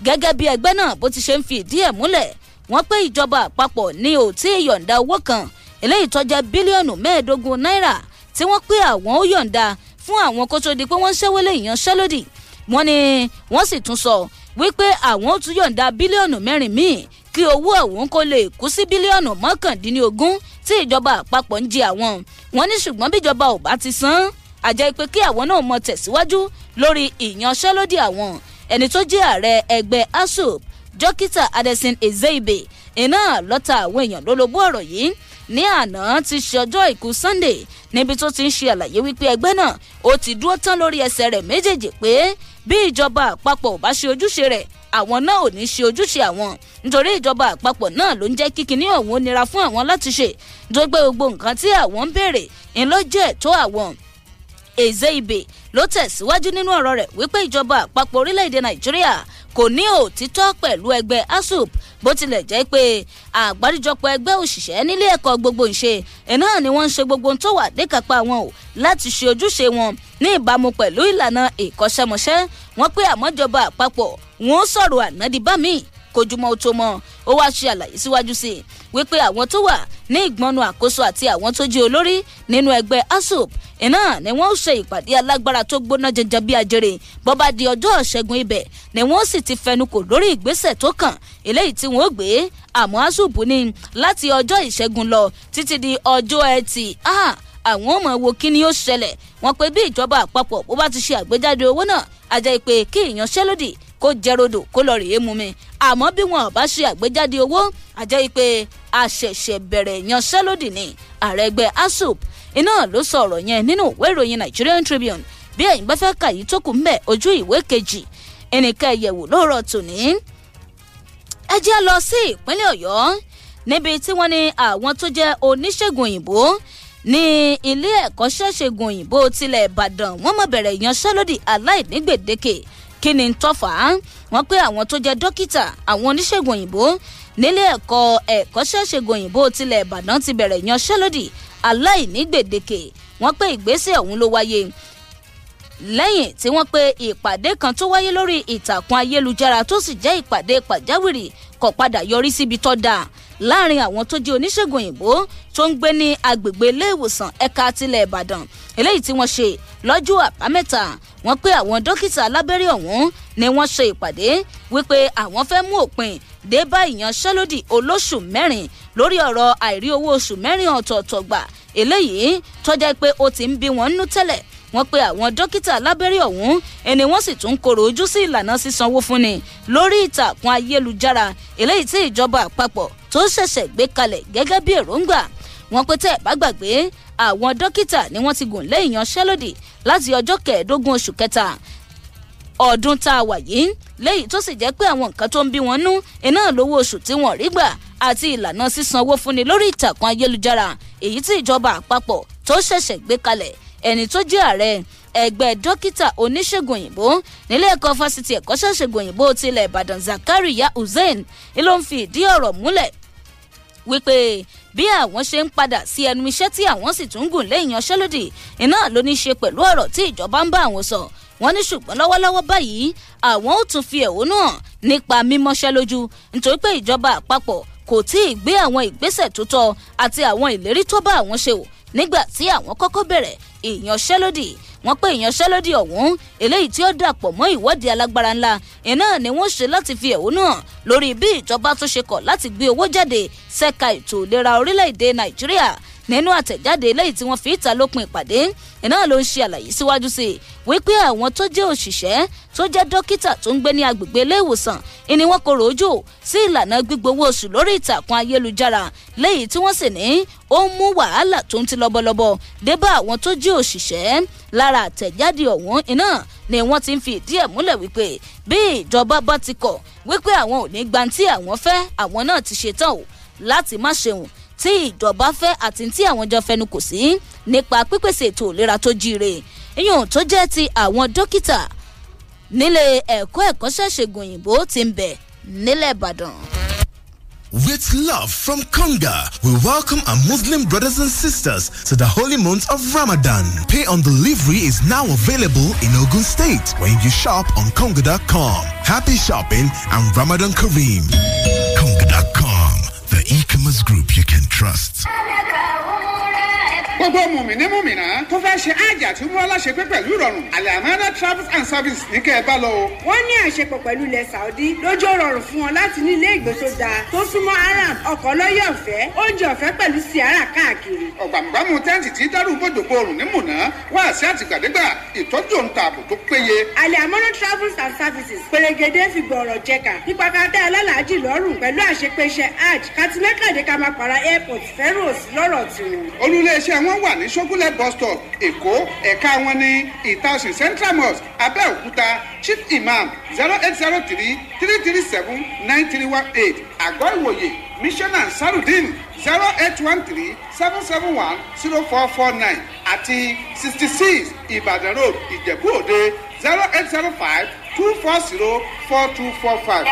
gẹ́gẹ́ bí ẹgbẹ́ náà bó ti ṣe ń fi ìdí ẹ̀ múlẹ̀ wọ́n pé ìjọba àpapọ̀ ní ò tí ì yọ̀ǹda owó kan eléyìí tó bílíọ̀nù mẹ́ẹ̀ẹ́dógún náírà tí wọ́n pé àwọn ó yọ̀ǹda fún àwọn kó tó di pé wọ́n ń ṣẹ́wọ́lé ìyanṣẹ́lódì wọ́n ní wọ́n sì tún sọ wípé àwọn ó tún yọ̀ǹda bílíọ̀nù mẹ́rin míì kí owó ọ̀hún kó lè kú sí bílíọ̀nù mọ́kàndínlógún tí ìjọba àpapọ̀ ń jẹ àwọn wọ́n ní ṣùgbọ́n bíjọba ò bá ti san àjẹ́ pé kí àwọn náà mọ tẹ̀síwájú lórí ìyanṣẹ́lódì àwọn ẹni tó jẹ́ ààrẹ ẹgbẹ́ asop dókítà adesin ezeibe iná lọ́ta àwọn èèyàn lólobó ọ̀rọ̀ yìí ní àná ti ṣe ọjọ́ àìkú sunday níbi tó ti ń ṣe àlàyé wípé ẹgbẹ́ náà ó ti dúró tán lórí ẹsẹ̀ rẹ̀ méjèèjì pé bí ìjọba àpapọ̀ ò bá ṣe ojúṣe rẹ̀ àwọn náà ò ní ṣe ojúṣe àwọn nítorí ìjọba àpapọ̀ náà ló ń jẹ́ kí kinní ọ̀hún ó nira fún àwọn láti ṣe tó gbogbo nǹkan tí àwọn ń béèrè ń ló jẹ́ ẹ̀tọ́ àwọn Ezeibe ló tẹ̀síwájú nínú ọ̀rọ̀ rẹ̀ wípé ìjọba àpapọ̀ orílẹ̀-èdè Nàìjíríà kò ní òtítọ́ pẹ̀lú ẹgbẹ́ asup bó tilẹ̀ jẹ́ pé àgbáríjọpọ̀ ẹgbẹ́ òṣìṣẹ́ nílé ẹ̀kọ́ gbogbo ìṣe iná ni wọ́n ń ṣe gbogbo tó wà níkápá wọn o láti ṣe ojúṣe wọn ní ìbámu pẹ̀lú ìlànà ìkọ́ṣẹ́mọṣẹ́ wọ́n pé àmọ́jọba àpapọ̀ wọ́n sọ̀rọ̀ ànádìbámi kojúmọ́ ó tó mọ́ ó wá ṣe àlàyé síwájú sí i wípé àwọn tó wà ní ìgbọ́nu àkóso àti àwọn tó jẹ́ olórí nínú ẹgbẹ́ asop iná ni wọ́n ṣe ìpàdé alágbára tó gbóná janjan bí ajere bọ́ba di ọjọ́ ṣẹ́gun ibẹ̀ ni wọ́n sì ti fẹnukò lórí ìgbésẹ̀ tó kàn eléyìí tí wọ́n gbé àmọ́ asop ní láti ọjọ́ ìṣẹ́gun lọ títí di ọjọ́ ẹtì àwọn ọmọ wo kí ni ó ṣẹlẹ̀ wọ́n pe bí ìjọba àpapọ̀ bó bá ti ṣe àgbéjáde owó náà àjẹ́ pé kí ìyanṣẹ́lódì kó jẹ́ rodò kó lọ rèé mú mi àmọ́ bí wọn bá ṣe àgbéjáde owó àjẹ́ ipe àṣẹ̀ṣẹ̀ bẹ̀rẹ̀ ìyanṣẹ́lódì ni ààrẹ ẹgbẹ́ asup iná ló sọ ọ̀rọ̀ yẹn nínú ìwé ìròyìn Nigerian Tribune bí ẹ̀yin bá fẹ́ kàyí tó kù mbẹ̀ ojú ìwé kejì ẹnìkan ẹ̀yẹ̀wò lóòrọ̀ tòní. ẹ jẹ́ lọ sí ìpínlẹ̀ ọ̀yọ́ níbi tí wọ́n ní àwọn tó jẹ́ oníṣègùn òyìnbó ní ilé ẹ̀kọ́ òyìnbó tilẹ̀ ìbàdàn wọ́n mọ̀ bẹ̀rẹ̀ ìyanṣẹ́lódì aláìnígbèdéke kí ni tọ́fà wọ́n pé àwọn tó jẹ́ dókítà àwọn oníṣègùn òyìnbó nílé ẹ̀kọ́ ẹ̀kọ́ṣẹ́ṣègùn òyìnbó tilẹ̀ ìbàdàn ti bẹ̀rẹ̀ ìyanṣẹ́lódì aláìní gbèdéke wọ́n pé ìgbésẹ̀ ọ̀hún ló wáyé lẹ́yìn tí wọ́n pe ìpàdé kan tó wáyé lórí ìtàkùn ayélujára tó sì jẹ́ ìpàdé pàjáwìrì kò padà yọrí síbi tó dáa láàrin àwọn tó jẹ́ oníṣègùn òyìnbó tó ń gbé ní agbègbè ilé ìwòsàn ẹ̀ka tilẹ̀ ìbàdàn eléyìí tí wọ́n ṣe lọ́jọ́ àbámẹ́ta wọ́n pé àwọn dókítà alábẹ́rẹ́ ọ̀hún ni wọ́n ṣe ìpàdé wípé àwọn fẹ́ mú òpin dé bá ìyanṣẹ́lódì olóṣù mẹ́rin lórí ọ̀rọ̀ àìrí owó oṣù mẹ́rin ọ̀tọ̀ọ̀tọ̀ gbà eléyìí tọ́jà pé ó ti ń bí wọn nú tẹ́lẹ̀ wọ́n pe àwọn dókítà lábẹ́rẹ́ ọ̀hún ẹni wọ́n sì tún korò ojú sí ìlànà sísanwó fúnni lórí ìtàkùn ayélujára eléyìí tí ìjọba àpapọ̀ tó ṣẹ̀ṣẹ̀ gbé kalẹ̀ gẹ́gẹ́ bí èròǹgbà wọn pé tẹ́ ẹ̀ bá gbàgbé àwọn dókítà ni wọ́n ti gùn lé ìyanṣẹ́lódì láti ọjọ́ kẹẹ̀ẹ́dógún oṣù kẹta ọdún tá a wà yìí léyìí tó sì jẹ́ pé àwọn nǹkan tó ń bí wọn nú iná lówó oṣù tí wọ́n rí gbà àti ìlànà sísanwó fúnni lórí ìtàkùn ayélujára èyí tí ìjọba àpapọ̀ tó ṣẹ̀ṣẹ̀ gbé kalẹ̀ ẹni tó jẹ́ ààrẹ ẹgbẹ́ dókítà oníṣègùn òyìnbó nílé ẹ̀kọ́ fásitì ẹ̀kọ́ṣẹ́ òyìnbó tilẹ̀ ìbàdàn zakaria hussein ló ń fi ìdí ọ̀rọ̀ múlẹ̀ wípé bí àwọn ṣe ń padà sí ẹnu iṣẹ́ tí àwọn sì tún gùn lé ìyanṣẹ́lódì iná ló ní í ṣe pẹ̀lú ọ̀rọ̀ tí ìjọba ń bá àwọn sọ wọ́n ní ṣùgbọ́n lọ́wọ́lọ́wọ́ báyìí àwọn ò tún fi ẹ̀hónú hàn nípa mímọ́ṣẹ́ lójú nítorí pé ìjọba àpapọ̀ kò tí ì gbé àwọn ìgbésẹ̀ tó tọ́ àti àwọn ìlérí tó bá àwọn ṣe o nígbà tí àwọn kọ́kọ́ bẹ̀rẹ̀ ìyanṣẹ́lódì wọ́n pé ìyanṣẹ́lódì ọ̀hún eléyìí tí ó dàpọ̀ mọ́ ìwọ́de alágbára ńlá iná ni wọ́n ṣe láti fi ẹ̀hónú hàn lórí bí ìjọba tó ṣe kọ̀ láti gbé owó jáde ṣẹ́ka ètò ìlera orílẹ̀-èdè Nàìjíríà nínú àtẹ̀jáde eléyìí tí wọ́n fi ìta lópin ìpàdé iná ló ń ṣe àlàyé síwájú sí i wípé àwọn tó jẹ́ òṣìṣẹ́ tó jẹ́ dókítà tó ń gbé ní agbègbè ilé ìwòsàn ìní wọn kò rojú sí ìlànà gbígbówó oṣù lórí ìtàkùn ayélujára léyìí tí wọ́n sì ní ó ń mú wàhálà tó ń ti lọ́bọ̀lọ́bọ̀ débá àwọn tó jẹ́ òṣìṣẹ́ lára àtẹ̀jáde ọ̀hún iná ni wọ́n ti ń fi ìdí ẹ̀ múlẹ̀ wípé bí ìjọba bá ti kọ̀ wípé àwọn ò ní gbantí àwọn fẹ́ àwọn náà ti ṣetán o láti má ṣeun tí ìjọba fẹ́ àti tí àwọn jọ fẹnu kò sí nípa pípèsè ètò ìlera tó jíire iyùn tó jẹ́ ti ẹ̀kọ́ṣẹ́ ṣègùn òyìnbó ti ń bẹ̀ nílẹ̀ ìbàdàn. With love from Conga, we welcome our Muslim brothers and sisters to the holy month of Ramadan. Pay on delivery is now available in Ogun State when you shop on Conga.com. Happy shopping and Ramadan Kareem. Conga.com the e-commerce group you can trust. gbogbo mùmìnì mùmìnà tó fẹ́ ṣe àjà tí wọ́n láṣepẹ́ pẹ̀lú ìrọ̀rùn alamada travels and services ní kẹ́ ẹ bá lọ wọ́n ní àṣepọ̀ pẹ̀lú ilẹ̀ saudi lójó rọrùn fún wọn láti ní ilé ìgbé tó súnmọ́ aram ọkọ̀ lọ́yẹ̀ ọ̀fẹ́ oúnjẹ ọ̀fẹ́ pẹ̀lú sierra káàkiri. ọ̀gbàmùgbàmù tẹ́ǹtì tí dárú gbọdọ̀ gbòòrùn ní mùnà wá sí àtìgbàdégbà ìtọ́jú òǹtà ààbò kátìmẹ́kàdé ká máa pààrà airport fẹ́ràn òsì lọ́rọ̀ tiwọn. olùléeṣẹ́ wọn wà ní ṣógúnlẹ̀ bus stop èkó ẹ̀ka wọn ní ìtàṣì central mosque abẹ́òkúta chief imam zero eight zero three three three seven nine three one eight àgọ́ ìwòye missioner sarudin zero eight one three seven seven one zero four four nine àti sixty six Ibadan road ìjẹ̀bú òde zero eight zero five two four zero four two four five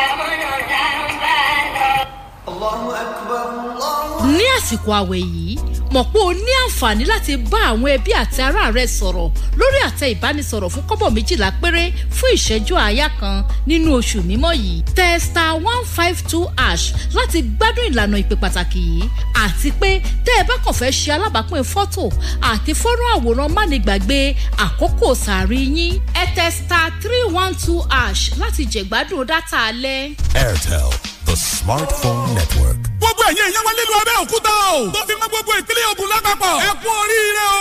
ní àsìkò àwẹ̀ yìí mọ̀ pé o ní àǹfààní láti bá àwọn ẹbí àti ará rẹ sọ̀rọ̀ lórí àtẹ ìbánisọ̀rọ̀ fún kọ́bọ̀ méjìlá péré fún ìṣẹ́jú àáyá kan nínú oṣù mímọ́ yìí tẹ star one five two ash láti gbádùn ìlànà ìpè pàtàkì yìí àti pé tẹ́ ẹ bá kàn fẹ́ ṣe alábàápín fọ́tò àti fọ́nrán àwòrán mánigbàgbé àkókò sàárì yín ẹ tẹ star three one two ash láti jẹ̀gbádùn dátà alẹ́. airtel smartphone network. gbogbo ẹ̀yin ẹ̀yẹ́ wá nílùú Abẹ́òkúta o. tó fi mọ́ gbogbo ìpínlẹ̀ Ògùn lápapọ̀. ẹ kú oríire o.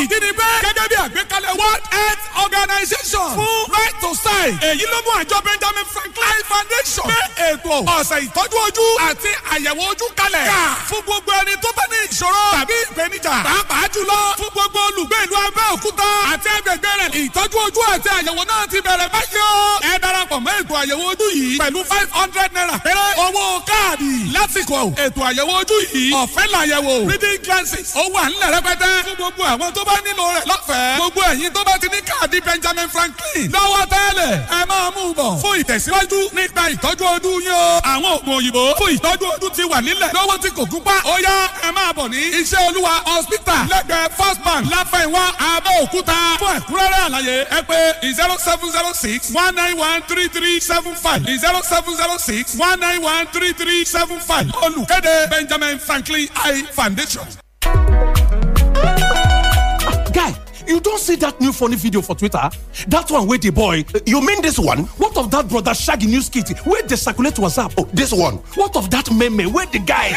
ìdí ni bẹ́ẹ̀ gẹ́gẹ́ bí àgbékalẹ̀ world health organization fún right to sign. èyí ló mú àjọ benjamin franklin foundation gbé ètò ọ̀sẹ̀ ìtọ́jú ojú àti àyẹ̀wò ojú kalẹ̀ ká fún gbogbo ẹni tó bá ní ìṣòro tàbí ìpèníjà pàápàá jùlọ fún gbogbo olùgbé ìlú abẹ́òkúta àti ẹgbẹ̀gbẹ̀ rẹ̀ ìtọ́jú ojú àti àyẹ̀wò náà ti bẹ̀rẹ̀ báyìí o. ẹ darapọ̀ mọ́ ètò àyẹ̀wò ojú yìí pẹ̀lú five hundred naira péré owó káàdì lásìkò ètò àyẹ̀wò ojú yìí ọ̀fẹ́ làyẹ̀wò reading glasses ó wà ńlẹ̀ rẹpẹtẹ fún gbogbo àwọn tó bá nílò rẹ̀ lọ́f lọ́fẹ̀ẹ́. gbogbo ẹ̀yin tó bá ti ní káàdì Benjamin Franklin lọ́wọ́ tẹ́lẹ̀ ẹ máa mú un bọ̀. fún ìtẹ̀síwájú nípa ìtọ́jú ojú yín o. àwọn oògùn òyìnbó fún ìtọ́jú ojú ti wà nílẹ̀ lọ́wọ́ tí kò gúnpá. ó yá ẹ máa bọ̀ ní iṣẹ́ olúwa hospital lẹ́gbẹ̀ẹ́ first bank láfẹ̀wá abẹ́òkúta. fún ẹ̀kúrẹ́rẹ́ àlàyé ẹ pè zero seven zero six one nine one three three seven five zero seven zero six one nine one three three seven five olùkéde Benjamin Franklin eye foundation. You don see that new funny video for Twitter? That one wey the boy. You mean this one? What of that brother Shaggy news kit wey dey circulate WhatsApp? Oh, this one. What of that meme wey the guy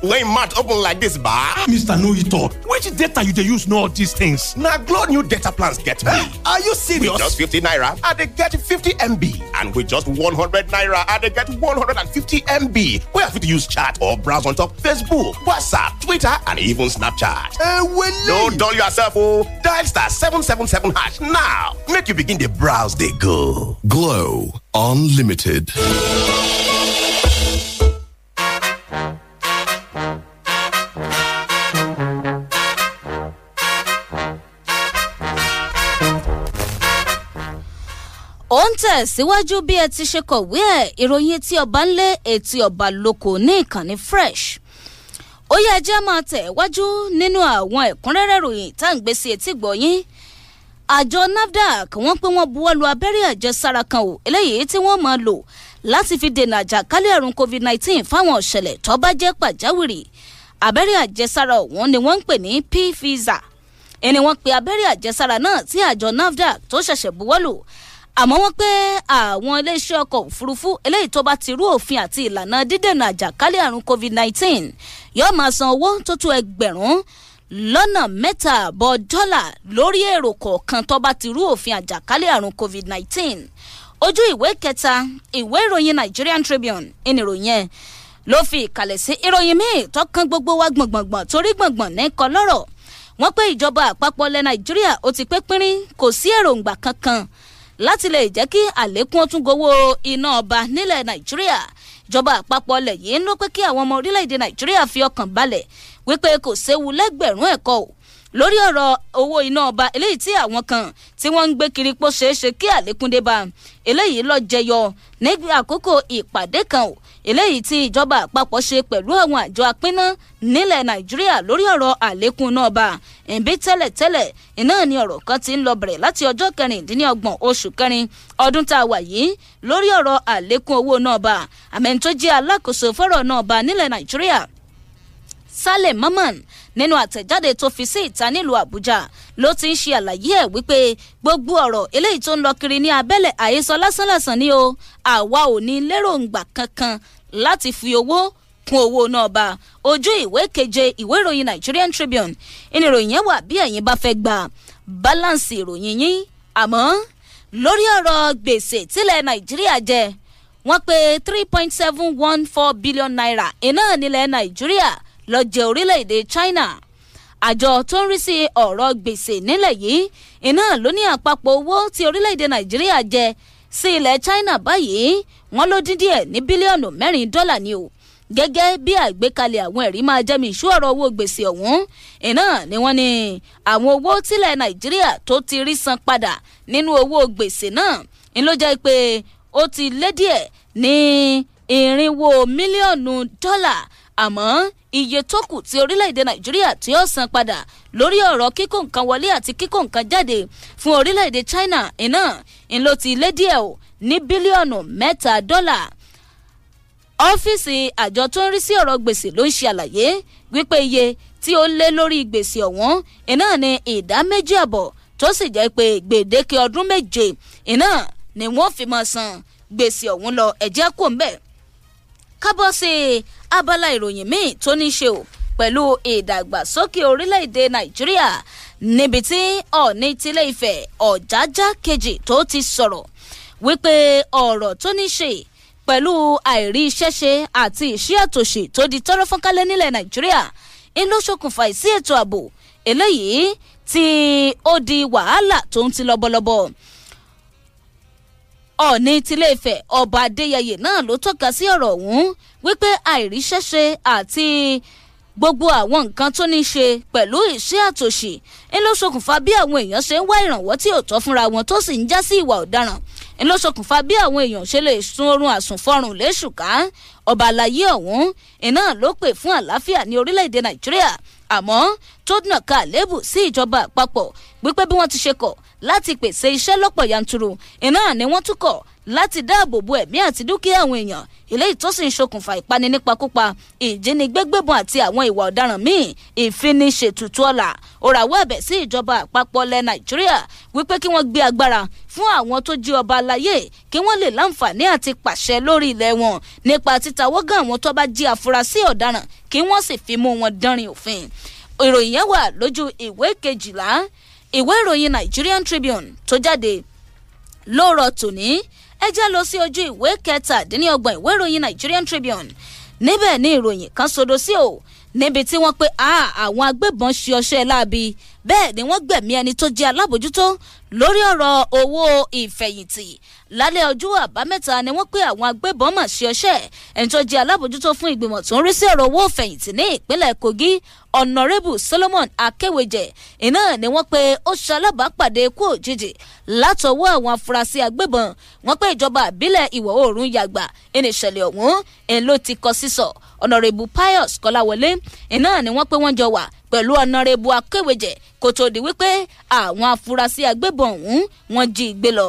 *laughs* wey mouth open like this ba? Mr. No Which data you dey use know all these things? Na glow new data plans get me. *gasps* Are you serious? With just fifty naira, I dey get fifty MB. And with just one hundred naira, I dey get one hundred and fifty MB. Where I fit use chat or browse on top Facebook, WhatsApp, Twitter, and even Snapchat. Uh, well, no dull yourself, oh dial star 777 hash now make you begin the browse dey go. Glow Unlimited. ó ń tẹ̀síwájú bí ẹ ti ṣe kọ̀wé ẹ̀ ìròyìn etí ọba ńlé etí ọba lóko ní ìkànnì fresh ó yẹ jẹ́ máa tẹ̀ wájú nínú àwọn ẹ̀kúnrẹ́rẹ́ ròyìn tá à ń gbé sí etí gbọ̀nyìn àjọ nafdac wọ́n pé wọ́n buwọ́ lu abẹ́rẹ́ àjẹsára kan o eléyìí tí wọ́n máa lò láti fi dènà àjàkálẹ̀ àrùn covid-19 fáwọn ọ̀ṣẹ̀lẹ̀ tó bá jẹ́ pàjáwìrì abẹ́rẹ́ àjẹsára ọ̀hún ni wọ́n ń pè ní pfizer ẹni wọ́n pe abẹ́rẹ́ àjẹsára náà tí àjọ nafdac tó ṣẹ̀ṣẹ̀ buwọ́ lù àmọ́ wọ́n pé àwọn iléeṣẹ́ ọkọ̀ òfurufú eléyìí tó bá ti rú òfin àti ìlànà dídènà àjàkálẹ̀ àrùn covid nineteen. yóò máa san owó tó tó ẹgbẹ̀rún lọ́nà mẹ́ta àbọ̀ dọ́là lórí èrò kọ̀ọ̀kan tó bá ti rú òfin àjàkálẹ̀ àrùn covid nineteen. ojú ìwé kẹta ìwé ìròyìn Nigerian Tribune ìnìròyìn ẹ̀ ló fi ìkàlẹ̀ sí ìròyìn míì tó kan gbogbo wa gbọ̀ngbọ̀ngbọ̀n torí gbọ̀ngbọ̀n ní kọ lọ́rọ̀ wọ́n pé ìjọba àpapọ̀ ilẹ̀ Nàìjíríà ó ti pé pínrín kò sí èròǹgbà kankan láti lè jẹ́ kí àlékún tún gowó iná ọba nílẹ̀ nàìjíríà ìjọba àpapọ̀ ọlẹ̀ yìí ń ló pé kí àwọn ọmọ orílẹ̀-èdè nàìjíríà fi ọkàn balẹ̀ wípé kò séwu lẹ́gbẹ̀rún ẹ̀kọ́ o lórí ọ̀rọ̀ owó iná ọba eléyìí tí àwọn kan tí wọ́n ń gbé kiri pó ṣeéṣe kí àlékún dé bá eléyìí lọ jẹyọ nígbà àkókò ìpàdé kan o eléyìí tí ìjọba àpapọ̀ ṣe pẹ̀lú àwọn àjọ apínná nílẹ̀ nàìjíríà lórí ọ̀rọ̀ àlékún náà bá ẹ̀ǹbí tẹ́lẹ̀tẹ́lẹ̀ iná ni ọ̀rọ̀ kan ti ń lọ bẹ̀rẹ̀ láti ọjọ́ kẹrìndínlọ́gbọ̀n oṣù kẹrin ọdún tá a wà yìí lórí ọ̀rọ̀ àlékún owó náà bá àmẹ́ni tó jẹ́ alákòóso fọ́rọ̀ náà bá nílẹ̀ nàìjíríà Saleh Mamman nínú àtẹ̀jáde tó fi sí ìta nílùú àbújá ló ti ń ṣe àlàyé ẹ̀ wípé gbogbo ọ̀rọ̀ eléyìí tó ń lọ kiri ní abẹ́lẹ̀ àhesọ lásánlàsàn ni o àwa ò ní léròǹgbà kankan láti fi owó kún owó náà bá ojú ìwé keje ìwé ìròyìn Nigerian Tribune ìnìròyìn yẹn wà bí ẹ̀yin bá fẹ́ gbà báláǹsì ìròyìn yín àmọ́ lórí ọ̀rọ̀ gbèsè tílẹ̀ nàìjíríà jẹ wọ́n pé three point seven one four billion naira iná nílẹ̀ nàìjíríà lọ jẹ orílẹ̀-èdè China àjọ tó ń rí sí ọ̀rọ̀ gbèsè nílẹ̀ yìí iná ló ní àpapọ̀ owó tí orílẹ̀-èdè Nàìjíríà jẹ sí ilẹ̀ China báyìí wọ́n ló dín díẹ̀ ní bílíọ̀nù mẹ́rin dọ́là ni o gẹ́gẹ́ bí àgbékalẹ̀ àwọn ẹ̀rí máa jẹ́mi ìṣú ọ̀rọ̀ owó gbèsè ọ̀hún iná ni wọ́n ní àwọn owó tílẹ̀ Nàìjíríà tó ti rí san padà nínú owó gbèsè náà ń ló jẹ́ pé ó ti lé díẹ̀ ní irinwó mílíọ̀nù dọ́là àmọ́ iye tó kù tí orílẹ̀-èdè nàìjíríà tí ó san padà lórí ọ̀rọ̀ kíkó nǹkan wọlé àti kíkó nǹkan jáde fún orílẹ̀-èdè china iná ńlọ ti lé díẹ̀ o ní bílíọ̀nù mẹ́ta dọ́là ọ́fíìsì àjọ tó ń rí sí ọ̀rọ̀ gbèsè ló ń ṣe àlàyé wípé iye tí ó lé lórí gbèsè ọ̀wọ́n iná ní ìdá méjì àbọ̀ tó sì jẹ́ pé gbèdéke ọdún méje iná ni wọ́n fi máa san gbèsè ọ̀hún lọ ẹ̀jẹ̀ kò ń bẹ̀ kábọ̀ sí abala ìròyìn míì tó ní ṣe o pẹ̀lú ìdàgbàsókè orílẹ̀-èdè nàìjíríà níbi tí ọ̀ní tilé ìfẹ́ ọ̀jájá kejì tó ti sọ̀rọ̀ wípé ọ̀rọ̀ tó ní ṣe pẹ̀lú àìrí iṣẹ́ ṣe àti ìṣí àtòṣì tó di tọ́rọ́ fọ́nkálẹ̀ nílẹ̀ nàìjíríà ń ló ṣokùnfà ìsí ètò ààbò eléyìí tí ó di wàhálà tó ń ti lọ́bọ̀lọ́bọ̀ ọ̀ọ́ni tilé Ifẹ̀ ọba Adéyẹyè náà ló tọ́ka sí ọ̀rọ̀ ọ̀hún wípé àìríṣẹ́ṣe àti gbogbo àwọn nǹkan tó ní í ṣe pẹ̀lú iṣẹ́ àtòṣì ń ló ṣokùnfà bí àwọn èèyàn ṣe ń wá ìrànwọ́ tí ò tọ́ fúnra wọn tó sì ń já sí ìwà ọ̀daràn ń ló ṣokùnfà bí àwọn èèyàn ṣe lè sun oorun àsùnfọrùn léṣù ká ọba àlàyé ọ̀hún iná ló pè fún àlàáfíà ní orílẹ̀-èdè Nàìjíríà àmọ́ tó nàka àlébù sí ìjọba àpapọ̀ wípé bí wọ́n ti ṣe kọ̀ láti pèsè iṣẹ́ lọ́pọ̀ yanturu iná ni wọ́n tún kọ̀ láti dáàbò bo ẹ̀mí àti dúkìá àwọn èèyàn eléyìí tó sì ń ṣokùnfà ìpani nípakúpa ìjínigbégbébọn àti àwọn ìwà ọ̀daràn míì ìfiniṣètùtù ọ̀la ó rawọ́ ẹ̀bẹ̀ sí ìjọba àpapọ̀ ilẹ̀ nàìjíríà wípé kí wọ́n gbé agbára fún àwọn tó jí ọba aláyé kí wọ́n lè láǹfààní àti pàṣẹ lórí ilẹ̀ wọn nípa títawọ́ gan àwọn tó bá jí afurasí ọ̀daràn kí wọ́n sì fi mú wọn dánrin òfin ìròyìn yẹn wà lójú ìwé kejìlá ìwé ìròyìn Nigerian Tribune tó jáde lóòrọ̀ tòní ẹ jẹ́ lọ sí ojú ìwé kẹtàdínlọ́gbọ̀n ìwé ìròyìn Nigerian Tribune níbẹ̀ ni ìròyìn kan sodo sí o níbi tí wọ́n pe àwọn agbébọn ṣe ọṣẹ́ láabi bẹ́ẹ̀ ni wọ́n gbẹ̀mí ẹni tó jẹ́ alábòjútó lórí ọ̀rọ̀ owó ìfẹ̀yìntì lálẹ́ ọjọ́ àbámẹ́ta ni wọ́n pé àwọn agbébọn mọ̀ sí ọṣẹ́ ẹni tó jẹ́ alábòjútó fún ìgbìmọ̀ tó ń rí sí ọ̀rọ̀ owó ìfẹ̀yìntì ní ìpínlẹ̀ kogi ọ̀nàrẹ́bù solomon akéwèjẹ iná ni wọ́n pe ó ṣalábàápàdé ikú òjijì látọwọ́ àwọn afurasí agbébọn wọ́n pé ìjọba àbílẹ̀ ìwọ̀ oòrùn yàgbà ìnìṣẹ̀lẹ̀ ọ̀hún ẹ̀ ló ti kọ sísọ ọ̀nàrẹ́bù pius kọ́láwọlé iná ni wọ́n pe wọ́n jọ wà pẹ̀lú ọ̀nàrẹ́bù akéwèjẹ̀ kó tó di wípé àwọn afurasí agbébọn ọ̀hún wọ́n jí gbé lọ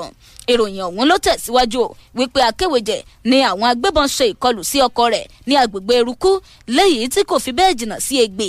ìròyìn ọ̀hún ló tẹ̀síwájú wípé akéwèjẹ ni àwọn agbébọn ṣe ìkọlù sí ọkọ rẹ̀ ní agbègbè eruku léyìí tí kò fi bẹ́ẹ̀ jìnnà sí ègbè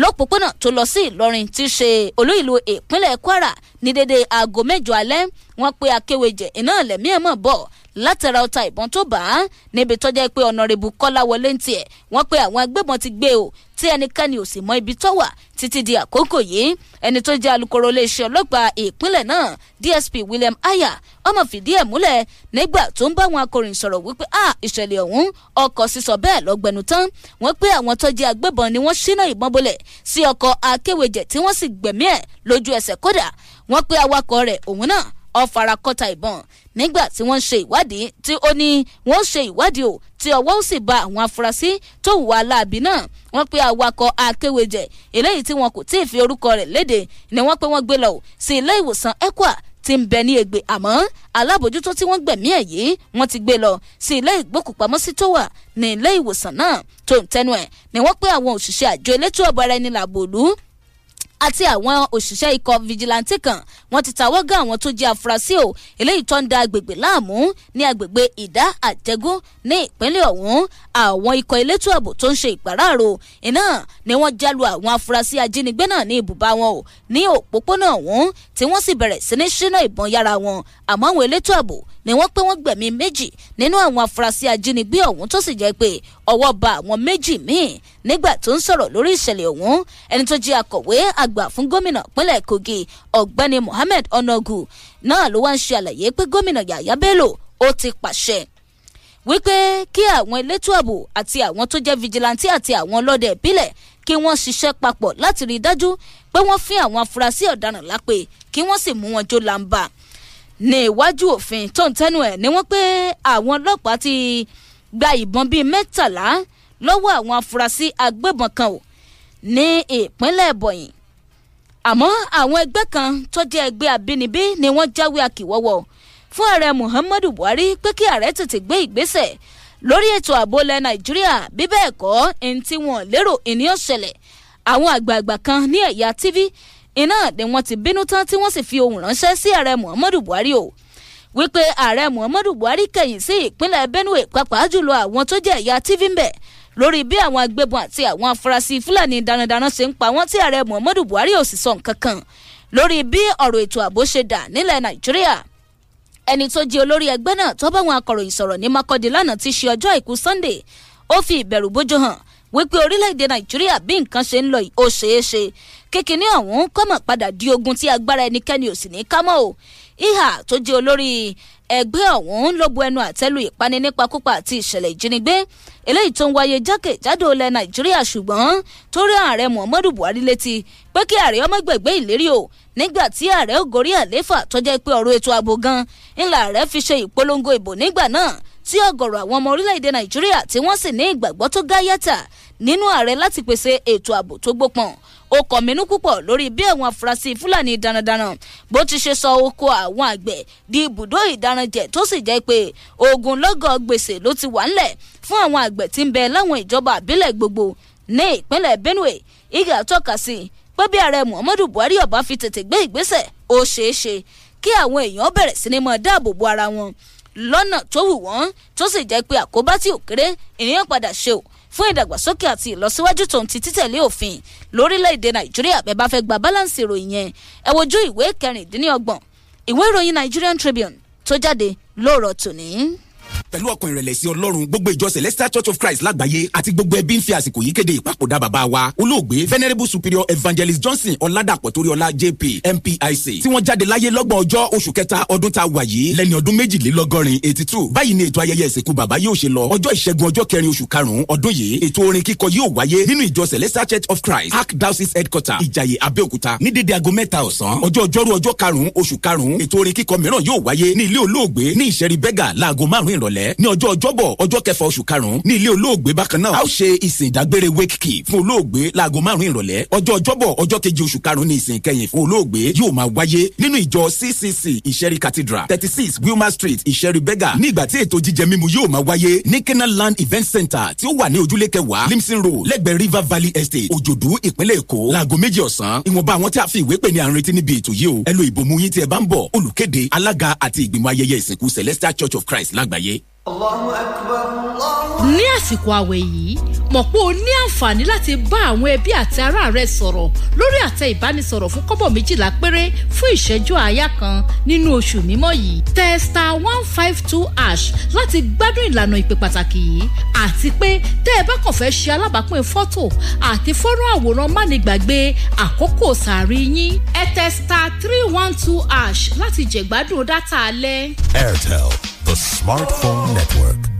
lópòpónà tó lọ sí ìlọrin ti ṣe olú ìlú ìpínlẹ̀ kwara ní dédé aago mẹ́jọ alẹ́ wọ́n pe akéwèjẹ iná lẹ́mí ẹ̀ mọ̀ bọ̀ látara ọta ìbọn tó bá a níbi tó jẹ́ pé ọ̀nàrẹ́bù kọ́lá wọlé ń tiẹ̀ wọ́n pe àwọn agbébọn ti gbé o tí ẹnikẹ́ni ò sì mọ ibi tó wà títí di àkókò yìí ẹni tó jẹ́ alukoro iléeṣẹ́ ọlọ́pàá ìpínlẹ̀ náà dsp william aya ọmọ fìdí ẹ̀ múlẹ̀ nígbà tó ń bá àwọn akọrin sọ̀rọ̀ wípé a ìṣẹ̀lẹ̀ ọ̀hún ọkọ̀ sísọ bẹ́ẹ̀ lọ́gbẹ̀nu tán wọ́n pé àwọn tó jẹ́ agbébọn ni wọ́n ṣínà ìbọn bolẹ̀ sí ọkọ̀ akéwèjẹ̀ tí wọ́n sì gbẹ̀mí ẹ̀ lójú ẹsẹ̀ kódà wọ́n pé awakọ̀ rẹ̀ òun náà ó fara kọ́ta ìbọn nígbà tí wọ́n ń ṣe ìwádìí tí ó ní wọ́n ń ṣe ìwádìí o tí ọwọ́ ó sì ba àwọn afurasí tó hùwà láabi náà wọ́n pe awakọ̀ akéwèjẹ eléyìí tí wọn kò tí ì fi orúkọ rẹ̀ léde ni wọ́n pé wọ́n gbé lọ sí ilé ìwòsàn ecua ti ń bẹ ní ègbè àmọ́ alábòjútó tí wọ́n gbẹ̀mí ẹ̀ yìí wọ́n ti gbé lọ sí ilé ìgbókùpamọ́sí tó wà ní ilé ìwòsàn náà tó ń tẹnu ẹ̀ ni wọ́n pé àwọn òṣìṣẹ́ àjọ elétò ọ̀bọ̀ ara ẹni làbòlú àti àwọn òṣìṣẹ́ ikọ̀ fìjìláńtì kan wọ́n ti tàwọ́ gá àwọn tó jẹ́ afurasí o eléyìí tó ń da agbègbè láàmú ní agbègbè ìdá àjẹgún ní ìpínlẹ̀ ọ̀hún àwọn ikọ̀ elétò ààbò tó ń ṣe ìpàráàrò iná ni wọ́n jálu àwọn afurasí ajínigbé náà ní ibùba wọn o ní òpópónà ọ̀hún tí wọ́n sì bẹ̀rẹ̀ sí ní ṣínà ìbọn yára wọn àmọ́ àwọn elétò ààbò ni wọ́n pé wọ́n gbẹ̀mí méjì nínú àwọn afurasí ajínigbé ọ̀hún tó sì jẹ́ pé ọwọ́ ba àwọn méjì míì nígbà tó ń sọ̀rọ̀ lórí ìṣẹ̀lẹ̀ ọ̀hún ẹni tó jẹ́ akọ̀wé àgbà fún gómìnà pínlẹ̀ kogi ọ̀gbẹ́ni mohammed onogu náà ló wá ń ṣe àlàyé pé gómìnà yàyà bello ó ti pàṣẹ wípé kí àwọn elétò ààbò àti àwọn tó jẹ́ fìjìláńtì àti àwọn ọlọ́dẹ ìbílẹ̀ kí wọ́n ṣiṣẹ́ papọ̀ láti rí i dájú pé wọ́n fi àwọn afurasí ọ̀daràn lápè kí wọ́n sì mú wọn jó lamba ní iwájú òfin tó ń tẹnu ẹ̀ ni wọ́n pé àwọn ọlọ́pàá ti gba ìbọn bíi mẹ́tàlá lọ́wọ́ àwọn afurasí agbébọn kan ò ní ìpínlẹ̀ bọ̀yìn àmọ́ àwọn ẹgbẹ́ kan tó jẹ́ ẹgbẹ́ abínibí ni wọ́n jáwé akíwọ́wọ́ fún ààrẹ muhammadu buhari pé kí ààrẹ tètè gbé ìgbésẹ̀ lórí ètò ààbò ilẹ̀ nàìjíríà bí bẹ́ẹ̀ kọ́ ẹni tí wọ́n lérò ènìyàn ṣẹlẹ̀ àwọn àgbààgbà kan ní ẹ̀yà tv iná ni wọ́n ti bínú tán tí wọ́n sì fi ohun ránṣẹ́ sí ààrẹ muhammadu buhari o wípé ààrẹ muhammadu buhari kẹ̀yìn sí ìpínlẹ̀ benue pàápàá jùlọ àwọn tó jẹ́ ẹ̀yà tv ń bẹ̀ lórí bí àwọn agbébọn àti àwọn afurasí fúlàní darandaran ṣe ń pa wọ́n tí ààrẹ muhammadu buhari ò sì sọ nǹkan kan lórí bí ọ̀rọ̀ ètò ààbò ṣe dà nílẹ̀ nàìjíríà ẹni tó jẹ́ olórí ẹgbẹ́ náà tó bá wọn akọ̀ròyìn sọ̀rọ̀ ní makọ́dé lánàá ti ṣe ọjọ́ àìkú sunday ó fi ìbẹ̀rù bójú hàn wípé orílẹ̀-èdè nàìjíríà bí nǹkan ṣe ń lọ ó ṣeé ṣe kékeré ọ̀hún kọ́mọ̀ padà di ogun tí agbára ẹnikẹ́ni ò sì ní ká mọ́ o iha tó jẹ́ olórí ẹgbẹ́ ọ̀hún ló bu ẹnu àtẹ́lu ìpani nípakúpa àti ìṣẹ̀lẹ̀ ìjínigbé eléyìí tó ń wáyé jákèjádò ilẹ̀ nàìjíríà ṣùgbọ́n tó rí ààrẹ muhammadu buhari létí pé kí ààrẹ ọmọ gbẹ̀gbẹ́ ìlérí o nígbà tí ààrẹ ògòrí àléfà tó jẹ́ pé ọ̀rọ̀ ètò ààbò gan ńlá ààrẹ fi ṣe ìpolongo ìbò nígbà náà tí ọ̀gọ̀rọ̀ àwọn ọmọ orílẹ̀-èdè nàìjíríà tí wọ́n sì ní ìgbàgbọ́ tó gáyàtà nínú ààrẹ láti pèsè ètò ààbò tó gbópọn ó kọ̀mínú púpọ̀ lórí bí àwọn afurasí fúlàní darandaran bó ti ṣe sọ oko àwọn àgbẹ̀ di ibùdó ìdaranjẹ tó sì jẹ́ pé ogun lọ́gọ̀ gbèsè ló ti wà ńlẹ̀ fún àwọn àgbẹ̀ tí ń bẹ láwọn ìjọba àbílẹ̀ gbogbo ní ìpínlẹ̀ benue igi àtọ́ka sí pé bí ààrẹ muhammadu buhari ọba fi tètè gbé ìgbésẹ̀ ó ṣeé ṣe kí àwọn èèyàn bẹ̀rẹ̀ sí ni mọ dáàbò bo ara wọn lọ́nà tó wù wọ́n tó sì jẹ́ pé àkóbá tí ò kéré padà ṣe ò fún ìdàgbàsókè àti ìlọsíwájú tòun ti títẹ̀lé òfin lórílẹ̀‐èdè nàìjíríà bẹ́ẹ̀ bá fẹ́ gba báláǹsì ìròyìn yẹn ẹ wojú ìwé kẹrìndínlọ́gbọ̀n ìwé ìròyìn nigerian tribune tó jáde lóòrọ̀ tòní pẹ̀lú ọkàn ìrẹ̀lẹ̀ sí ọlọ́run gbogbo ìjọ celestial church of christ lágbàáyé àti gbogbo ẹbí ń fi àsìkò yìí kéde ìpapòdà bàbá wa olóògbé venerable superior evangelist johnson ọ̀làdàpọ̀ toríọlá jp mpic tí wọ́n jáde láyé lọ́gbọ̀n ọjọ́ oṣù kẹta ọdún tá a wà yìí lẹ́ni ọdún méjìlélọ́gọ́rin eighty two báyìí ni ètò ayẹyẹ ìsìnkú bàbá yóò ṣe lọ ọjọ́ ìṣẹ́gun ọjọ́ kẹrin oṣù karùn-ún ọdún yìí ètò orin kíkọ yóò wáyé church of christ ark diocese headquarter ìjàyè abẹ́òkúta ní dédé aago mẹ́ta ọ̀sán ọjọ́ ọjọ́rú ọjọ́ karùn-ún oṣù karùn-ún ètò orin kíkọ mìíràn yóò wáyé ní ilé olóògbé ní ìṣẹ́rí bẹ́gà ìrọ̀lẹ́ ní ọjọ́ ọjọ́bọ̀ ọjọ́ kẹfà oṣù karùn-ún ní ilé olóògbé bákan náà a ó ṣe ìsìn ìdágbére wake keep fún olóògbé láago márùn ìrọ̀lẹ́ ọjọ́ ọjọ́bọ̀ ọjọ́ keje oṣù karùn-ún ní ìsìn ìkẹyìn fún olóògbé yóò máa wáyé nínú ìjọ ccc ìṣẹ́rí cathedral thirty six wilma street ìṣẹ́rí bega nígbà tí ètò jíjẹ mímu yóò máa wáyé ní canal land event center tí ó wà ní ojúlé kẹwàá limson road lẹ́gbẹ̀ẹ́ river valley estate òjòdú ìpínlẹ̀ èkó láago méjì ọ̀sán ìwọ̀nba àwọn tí a fi ìwé pè ní à ń retí níbi ètò yìí o ẹ lo ìbomú yín tí ẹ bá ń bọ̀ olùkéde alága àti ìgbìmọ̀ ayẹyẹ ìsìnkú celestial church of christ lágbàáyé ní àsìkò àwẹ̀ yìí mọ̀ pé o ní àǹfààní láti bá àwọn ẹbí àti ará rẹ sọ̀rọ̀ lórí àtẹ ìbánisọ̀rọ̀ fún kọ́bọ̀ méjìlá péré fún ìṣẹ́jú àáyá kan nínú oṣù mímọ́ yìí tẹ star one five two ash láti gbádùn ìlànà ìpè pàtàkì yìí àti pé tẹ́ ẹ bá kàn fẹ́ ṣe alábàápín fọ́tò àti fọ́nrán àwòrán mánigbàgbé àkókò sàárì yín ẹ tẹ star three one two ash láti jẹ̀gbádùn dátà alẹ́. airtel the Smartphone Network.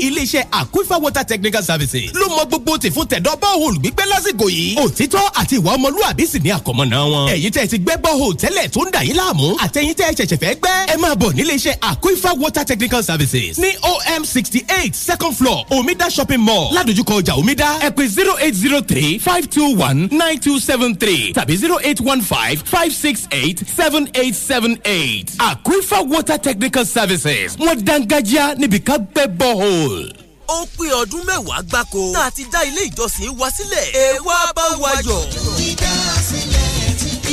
iléeṣẹ́ aquifer water technical services ló mọ gbogbo tì fún tẹ̀dọ́ bọ́ọ̀hùn gbígbẹ́ lásìkò yìí òtítọ́ àti ìwà ọmọlúwàbí sì ní àkọ́mọ́ná wọn. ẹ̀yin tẹ́ ẹ ti gbẹ́ bọ́ọ̀hùn tẹ́lẹ̀ tó ń dà yín láàmú àtẹ̀yin tẹ́ ẹ ṣẹ̀ṣẹ̀ fẹ́ gbẹ́ ẹ máa bọ̀ níléeṣẹ́ aquifer water technical services ní om sixty eight second floor omida shopping mall ládojúkọ ọjà omida ẹ pè zero eight zero three five two one nine two seven three tàbí zero eight one five five six eight seven eight seven eight aquifer water technical services wọ́n dángájá níbi ká gbẹ́ bọ́ọ̀hùn school ó pé ọdún mẹ́wàá gbáko tá a ti dá ilé ìjọsìn wa sílẹ̀ ẹ wá bá wa yọ̀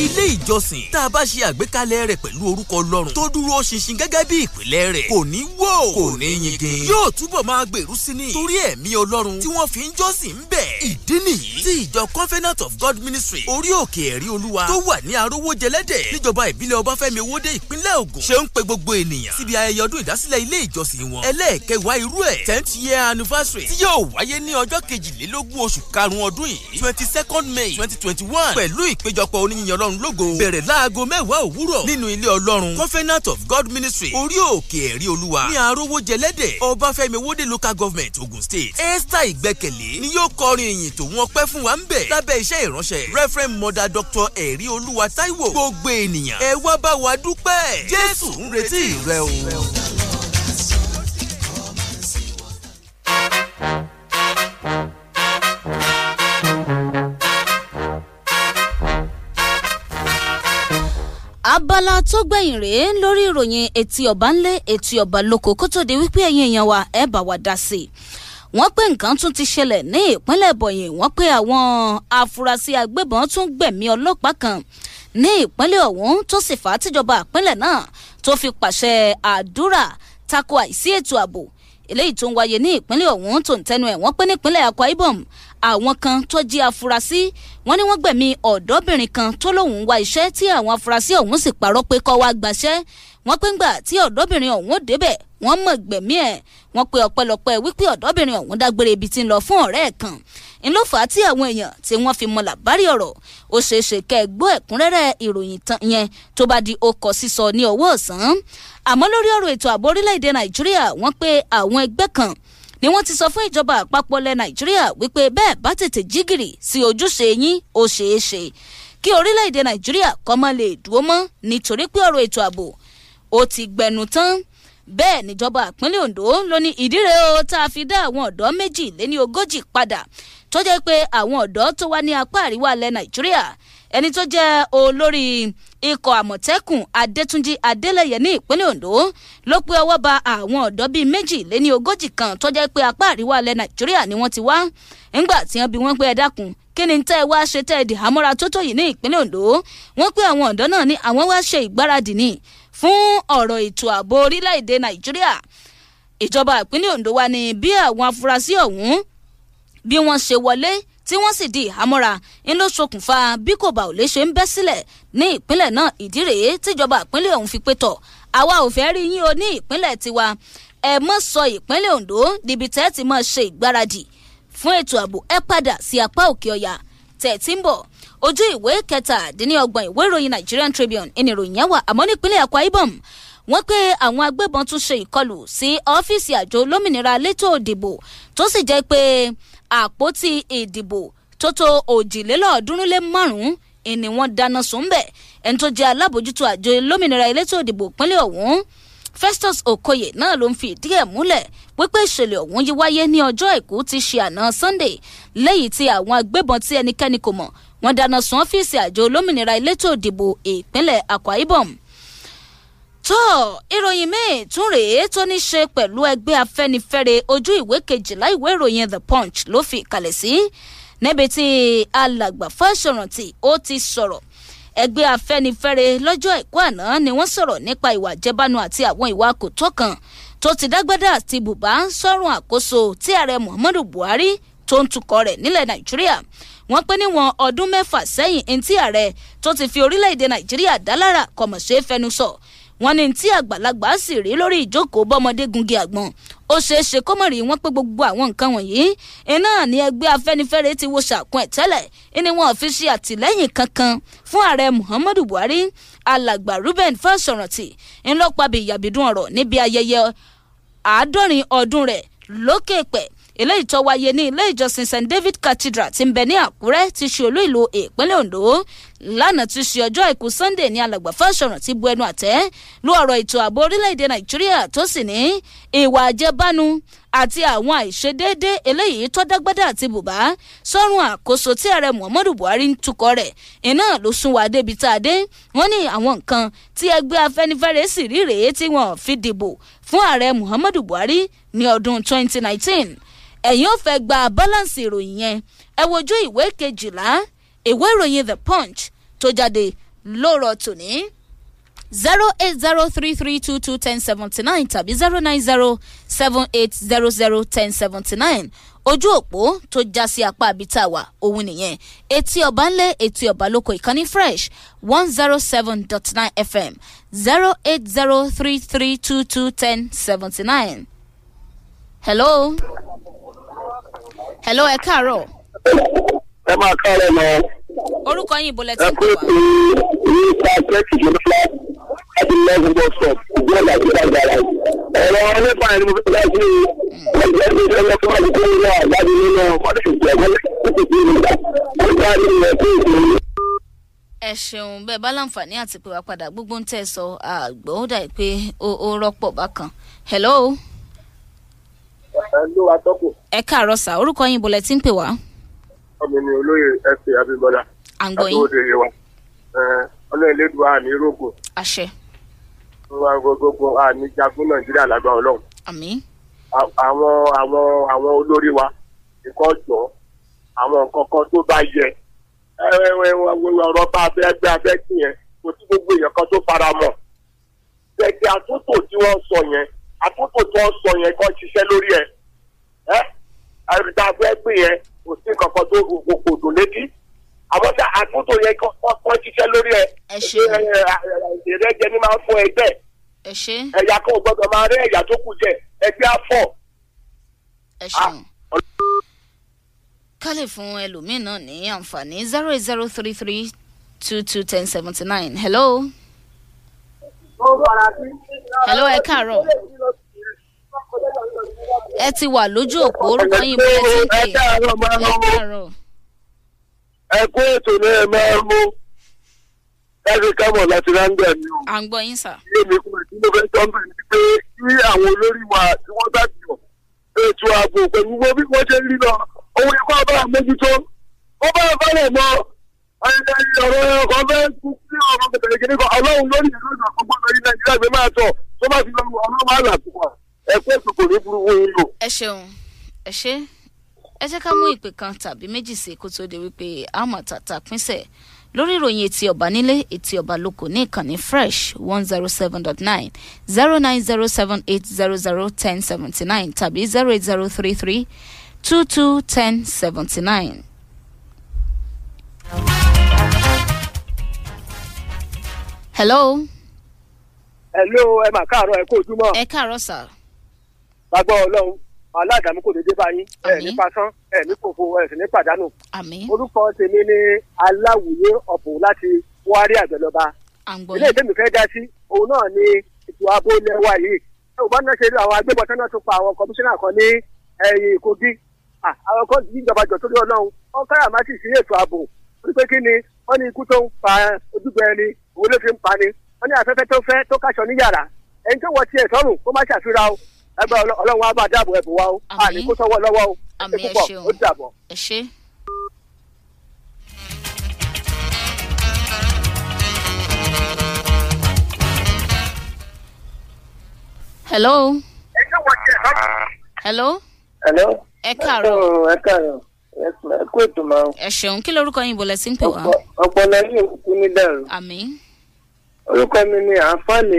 ilé ìjọsìn tá a bá ṣe àgbékalẹ̀ rẹ̀ pẹ̀lú orúkọ ọlọ́run tó dúró ṣinṣin gẹ́gẹ́ bí ìpìlẹ̀ rẹ̀ kò ní wó kò ní yingin yóò túbọ̀ máa gbèrú sí ni torí ẹ̀mí ọlọ́run tí wọ́n fi ń jọ́sìn ń bẹ̀. ìdí nìyí tí ìjọ Covenant of God Ministry orí òkè ẹ̀rí olúwa tó wà ní arówó jẹlẹ́dẹ̀ níjọba ìbílẹ̀ ọbáfẹ́mi owóde ìpínlẹ̀ Ògùn ṣe ń pe gbogbo ènìyàn síbi ayẹyẹ ọdún ìdásílẹ̀ ilé ìjọsìn wọn ẹlẹ́ẹ̀kẹwàá irú ẹ̀ tenth year anniversary tí yóò wáyé ní ọjọ́ kejìlélógún oṣù karùn-ún ọdún yìí twenty second May twenty twenty one pẹ̀lú ìpéjọpọ̀ oníyìnyín ọlọ́ ọlọ́run lógo bẹ̀rẹ̀ láago mẹ́wàá òwúrọ̀ nínú ilé ọlọ́run covenant of god ministry orí òkè ẹ̀rí olúwa ní arówójẹlẹ́dẹ̀ ọbáfẹ́mi wóde local government ogun state esther ìgbẹ́kẹ̀lé ni yóò kọrin ìyìn tòun ọpẹ́ fún wa ń bẹ̀ lábẹ́ iṣẹ́ ìránṣẹ́ reverend mother doctor ẹ̀rí olúwa taiwo gbogbo ènìyàn ẹ wá bá wa dúpẹ́ jésù ń retí rẹ o. abala tó gbẹ̀yìn rèé lórí ìròyìn etí ọba ńlé etí ọba lóko kó tó di wípé ẹ̀yin èèyàn wa ẹ̀ bá wa dá sí i wọ́n pé nǹkan tún ti ṣẹlẹ̀ ní ìpínlẹ̀ bọ̀yìn wọ́n pé àwọn afurasí agbébọn tún gbẹ̀mí ọlọ́pàá kan ní ìpínlẹ̀ ọ̀hún tó sì fà á tìjọba ìpínlẹ̀ náà tó fi pàṣẹ àdúrà tako àìsí ètò ààbò eléyìí tó ń wáyé ní ìpínlẹ̀ ọ̀hún tó ń tẹnu ẹ̀ wọ́n pé nípínlẹ̀ Akwa Ibom àwọn kan tó jí afurasí wọ́n ní wọ́n gbẹ̀mí ọ̀dọ́bìnrin kan tó lóun wá iṣẹ́ tí àwọn afurasí ọ̀hún sì parọ́ pé kó wá gbaṣẹ́ wọ́n pé ńgbà tí ọ̀dọ́bìnrin ọ̀hún débẹ̀ wọ́n mọ̀ gbẹ̀mí ẹ̀ wọ́n pe ọ̀pẹ̀lọpẹ̀ wípé ọ̀dọ́bìnrin ọ̀hún dágbére ibi tí ń lọ fún ọ̀rẹ́ ẹ̀ kan ń tí àwọn èèyàn tí wọ́n fi mọ làbárí ọ̀rọ̀ ó ṣeé ṣe kẹ́ ẹ gbọ́ ìròyìn tán yẹn tó bá di okọ̀ sísọ ní ọwọ́ ọ̀sán àmọ́ lórí ọ̀rọ̀ ètò ààbò orílẹ̀ nàìjíríà wọ́n pe àwọn ẹgbẹ́ kan ni wọ́n ti sọ fún ìjọba àpapọ̀ lẹ nàìjíríà wípé bẹ́ẹ̀ bá tètè jígìrì sí ojúṣe yín ó ṣeé ṣe kí orílẹ̀-èdè nàìjíríà kọ́ mọ́ lè dúró mọ́ nítorí pé ọ̀rọ̀ ètò ààbò ó ti gbẹnu tán bẹ́ẹ̀ níjọba àpínlẹ̀ ondo ló ní ìdíre o tá a fi dá àwọn ọ̀dọ́ méjì lé ní ogójì padà tó jẹ́ pé àwọn ọ̀dọ́ tó wá ní apá àríwá ilẹ̀ nàìjíríà ẹni tó jẹ́ olórí ikọ̀ àmọ̀tẹ́kùn adétúnjì adélẹ̀yẹ ní ìpínlẹ̀ ondo ló pé ọwọ́ ba àwọn ọ̀dọ́ bíi méjì lé ní ogójì kan tó jẹ́ pé apá àríwá ilẹ̀ nàìjíríà ni wọ́n ti wá ńgbà tí wọ́n bi wọ́n pé ẹ dákun kí ni tẹ́ ẹ wá ṣe tẹ́ ẹ dì hámọ́ra tó tó yìí ní ìpínlẹ̀ ondo wọ́n pé àwọn ọ̀dọ́ náà ní àwọn wá ṣe ìgbáradì ní fún ọ̀rọ̀ ètò ààbò orílẹ̀-èdè nàìjíríà ìjọba ìpínlẹ̀ ondo wa ni bí àwọn afurasí ọ̀hún bí wọ́n ṣe wọlé tí wọ́n sì di ìhámọ́ra ń ló ṣokùnfà bí kò bá ò lè ṣe ń bẹ́ sílẹ̀ ní ìpínlẹ̀ náà ìdí rèé tíjọba ìpínlẹ̀ ọ̀hún fi pé tọ̀ àwa ò fẹ́ rí yín o ní ìpínlẹ̀ tiwa ẹ mọ́ sọ ìpínlẹ̀ Ondo níbi tẹ́ ti mọ́ ṣe ìgbáradì fún ètò ààbò ẹ padà sí apá òkè ọ̀yà tẹ̀ tí ń bọ̀ ojú ìwé kẹtàdínlọ́gbọ̀n ìwé ìròyìn Nigerian Tribune ìnìròyìn yẹn wà àmọ́ nípínlẹ̀ Akwa Ibom wọ́n pé àwọn agbébọn tún ṣe ìkọlù sí ọ́fíìsì àjọ olómìnira létò tó sì jẹ́ pé àpótí ìdìbò tó tó òjìlélọ́ọ̀ọ́dúnrún lé márùn-ún ìní wọn dáná sun bẹ́ẹ̀ ẹni tó jẹ́ alábòjútó àjọ lómìnira elétò ìdìbò ìpínlẹ̀ ọ̀hún Festus Okoye náà ló ń fi ìdí ẹ̀ múlẹ̀ wípé ìṣẹ̀lẹ̀ ọ̀hún yí wáyé ní ọjọ́ àìkú ti ṣe àná Sunday lẹ́yìn tí àwọn agbébọn tí ẹnikẹ́ni kò mọ̀ wọ́n dáná sun ọ́fíìsì àjọ olómìnira elétò ìdìbò ìpínlẹ̀ Akwa Ibom tó ìròyìn míì tún rèé tó ní ṣe pẹ̀lú ẹgbẹ́ afẹ́nifẹ́re ojú ìwé kejìlá ìwé ìròyìn the punch ló fi kalẹ̀ sí níbi tí alàgbà fáṣọrántì ó ti sọ̀rọ̀ ẹgbẹ́ afẹ́nifẹ́re lọ́jọ́ àìkú àná ni wọ́n sọ̀rọ̀ nípa ìwà àjẹbánu àti àwọn ìwà kò tọ́ kan tó ti dágbádá àti bùbá sọ́rùn àkóso tí ààrẹ muhammadu buhari tó ń tukọ̀ rẹ̀ nílẹ̀ nàìjíríà wọ́n pé níwọ̀n ọdún mẹ́fà sẹ́yìn ntí ààrẹ tó ti fi orílẹ̀-èdè nàìjíríà dá lára kọ̀mọ̀ṣe fẹnusọ wọ́n ní tí àgbàlagbà sì rí lórí ìjókòó bọ́mọdé gungi àgbọn ó ṣeé ṣe kó mọ̀ rí wọ́n pé gbogbo àwọn nǹkan wọ̀nyí iná ní ẹgbẹ́ afẹ́nifẹ́re ti wo ṣàkún ẹ̀ tẹ́lẹ̀ ni wọ́n fi ṣe àtìlẹ́yìn kankan fún ààrẹ muhammadu buhari alàgbà ruben fásọ̀rántì ńlọpàbí ìyàbídùn ọ̀rọ̀ níbi ayẹyẹ àádọ́rin ọdún rẹ̀ lókè pẹ̀ eléyìí tó wáyé ní ilé ìjọsìn st david cathedral ti ń bẹ ní àkúrẹ́ ti ṣe olú ìlú ìpínlẹ̀ ondo lánàá ti ṣe ọjọ́ àìkú sunday ní alàgbà fásọ̀rọ̀ ti bu ẹnu àtẹ́ lu ọ̀rọ̀ ètò ààbò orílẹ̀-èdè nàìjíríà tó sì ní ìwà àjẹbánu àti àwọn àìṣedéédé eléyìí tó dágbádá àti bùbá sọ́run àkóso tí ààrẹ muhammadu buhari ń tukọ̀ rẹ̀ iná ló sún wa débi tá a dé wọ́n ní àwọn nǹkan tí ẹgbẹ́ afẹ́nifẹ́re sì rí rèé tí wọ́n fi dìbò fún ààrẹ muhammadu buhari ní ọdún 2019 ẹ̀yin ò fẹ́ gba balance ìròyìn yẹn ẹ wojú ìwé kejìlá ìwé ìròyìn the punch tó jáde lóòrọ̀ tòní zero eight zero three three two two ten seventy nine tàbí zero nine zero seven eight zero zero ten seventy nine ojú òpó tó já sí apá abita wa òun nìyẹn etí ọba ńlẹ etí ọba lóko ìkànnì fresh one zero seven dot nine fm zero eight zero three three two two ten seventy nine. hello hello ẹ káàárọ̀. ẹ máa káàárọ̀ lọ. orúkọ yín ìbò lẹ́tí kò wá. ní ìta tẹ́kì tó ní fúlá àti lẹ́gùn bọ́ sọ ìgbọ́n ìgbà tó dàgbà rà. ọ̀rọ̀ wọn nípa ẹni mo fi dá sí i. ọjọ́ ìgbà tó yẹ kó wà ní nínú ọdún ẹ ṣeun bẹẹ bá láǹfààní àti pé wàá padà gbogbo ń tẹ sọ àgbọ̀ ó dà pé ó rọ́pọ̀ bákan hello ló wa tọ́kù. ẹ káàárọ̀ sà orúkọ yín bọ̀lẹ̀ tí ń pè wá. ọmọ mi olóyè ẹsẹ abimọlá àtọwọde yẹwà ọlọ́run lẹdùn àní rògbò. àṣẹ. wọn gbogbo àní jagun nàìjíríà lágbà ọlọ́run. àmín. àwọn àwọn àwọn olórí wa nǹkan jọ àwọn nǹkan kan tó bá yẹ ọ̀rọ̀ bá abẹ́ gbé abẹ́ kí yẹn kò sí gbogbo èèyàn kan tó fara mọ́. bẹ̀ẹ̀kì àtúntò tí wọ́n sọ yẹn àkókò tó ń sọ yẹn kan ṣiṣẹ́ lórí ẹ̀ ẹ́ àrùtà fẹ́ pè yẹn kò sí kankan tó kò dùn létí àwọn tá àkókò yẹn kan ṣiṣẹ́ lórí ẹ̀ ìrẹ́jẹ ni máa ń fún ẹgbẹ́ ẹ̀yà kan ò gbọ́dọ̀ máa rí ẹ̀yà tó kù jẹ ẹgbẹ́ àfọ̀. ká lè fún ẹlòmíín náà ní àǹfààní zero eight zero three three two two ten seventy nine hello hello ẹ káàárọ̀ ẹ ti wà lójú òpó orúkọ yín bóyá ti ń pè é ẹ káàárọ̀. ẹ kú ètò ní ẹ máa ń mú láti kámọ̀ láti ráńgbà ni o. à ń gbọ́ yín sà. ilé mi kúrò tí mo fẹ́ sọ ń bẹ̀ ni pé kí àwọn olórí wa tí wọ́n bá ti yọ̀ ètò ààbò pẹ̀lú bí wọ́n ṣe rí lọ òun ni kó mójútó ó bá bá lè mọ ọ̀rọ̀ ọkọ̀ bẹ́ẹ̀ kú sí ọ̀rọ̀ kẹtẹ̀lẹ̀ kìíní kan ọlọ́run lórí ìlú ìgbà kan gbọ́dọ̀ yí nàìjíríà gbé máa tọ̀ tó bá fi lọ́rùn ọlọ́run máa là púpọ̀ ẹ̀kọ́ ìsòkò ní lórí ìròyìn etí ọba nílé etí ọba lóko ní ìkànnì fresh one zero seven dot nine zero nine zero seven eight zero zero ten seventy nine tàbí zero eight zero three three two two ten seventy nine hello. hello ẹ mà káàárọ̀ ẹ kó ojúmọ́. ẹ káàárọ̀ sà. gbàgbọ́ ọlọ́run aládàámú kò dédé bá yín ẹ ní pasán ẹ ní kòfò ẹ sì ní pàdánù. orúkọ tèmi ni aláwòye ọ̀pọ̀ láti wárí àgbẹ̀lọba. ilé ìdẹ́mi fẹ́ dá sí òun náà ni ètò ààbò lẹ́wà yìí. ṣé o bá náà ṣe àwọn agbébọn tí wọ́n tún pa àwọn kọmíṣánná kan ní ẹ̀yìn eh, Kogi àwọn kan yíjọba jọ sórí ọlọ́run ọkọ̀ àmásì sí ètò ààbò wípé kí ni wọ́n ní ikú tó ń pa ojúgbọ ẹni òwò ló fi ń pa ni wọ́n ní afẹ́fẹ́ tó fẹ́ tó kàṣọ ní yàrá ẹni tó wọ tiẹ̀ sọ́run kó má ṣàfihàn o ẹgbẹ́ ọlọ́run wa bá dáàbò ẹ̀bùn wa o a ní kó sọ́wọ́ lọ́wọ́ o ẹ ṣe púpọ̀ ó dàbọ̀. hello. hello. hello. ẹ káàárọ̀. ẹ káàárọ̀ ẹ kú ètò máa ń. ẹ ṣeun kí lorúkọ yín ìbòlẹ̀ sí ń pè wá. ọpọlọ yìí kú ní dàrú. àmì. orúkọ mi ni àǹfààní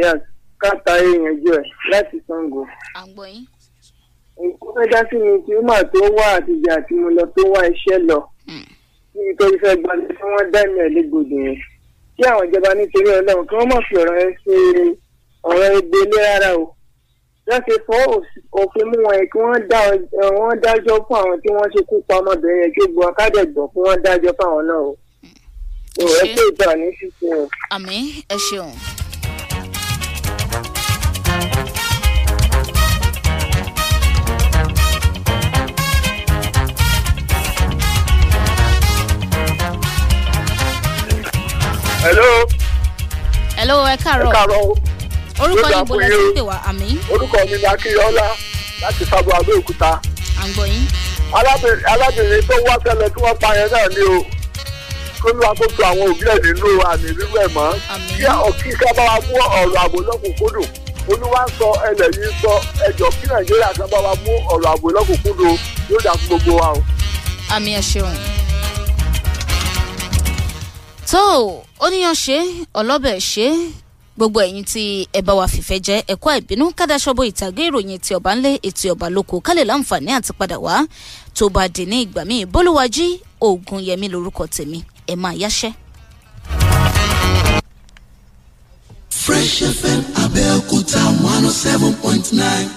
káta ìyànjú ẹ láti sango. à ń gbọ́ yín. nǹkan fẹ́ dá sí mi tí ó mà tó wá àtijọ́ àti mo lọ tó wá iṣẹ́ lọ. nítorí hmm. fẹ́ gbalẹ̀ tí wọ́n dá ìmọ̀ ẹ̀lẹ́gbòdì yẹn. kí àwọn ìjọba nítorí ọlọ́run kí wọ́n mọ̀ fi ọ̀rọ̀ ẹ ṣe ọ̀rọ̀ wọ́n ṣe fọ́ òfin mú wọn kí wọ́n dájọ́ fún àwọn tí wọ́n ṣekú pa ọmọbìnrin yẹn kí gbọ́ akádẹ́gbọ̀ kí wọ́n dájọ́ fún àwọn náà o. ẹ ṣe ìtàn ní ṣíṣe o. àmì ẹ ṣeun. hello. hello ẹ káàárọ̀. ẹ káàárọ̀ o orúkọ yìí bọ́lá ti pè wá àmì. orúkọ mi ni akíyọlá láti sago abẹ́òkúta. à ń gbọ́ yín. alábìnrin tó wá tẹ́lẹ̀ tí wọ́n pa yẹn náà ni o kó ló wá kó tu àwọn òbí ẹ̀ nínú àmì rírú ẹ̀ mọ́. kí ọ̀kí sábà wá mú ọ̀rọ̀ àbò lọ́kùnkúndùn olúwa ń sọ ẹlẹ̀ yìí ń sọ ẹjọ́ kí nàìjíríà sábà wá mú ọ̀rọ̀ àbò lọ́kùnkúndùn yóò dà fún gbogbo wa o. àmì ẹ̀ tó o oníyan ṣe ọlọ́bẹ̀ ṣe gbogbo ẹ̀yin tí ẹ bá wa fìfẹ́ jẹ́ ẹ̀kọ́ àìbínú kádàṣọ́bọ̀ ìtàgé ìròyìn ti ọ̀bá ńlẹ̀ ètò ọ̀bá lóko kálẹ̀ láǹfààní àti padà wá tó bá dé ní ìgbà míì bólúwájí oògùn yẹmi lórúkọ tèmi ẹ máa yáṣẹ́. Fresh FM Abẹ́òkúta one oh seven point nine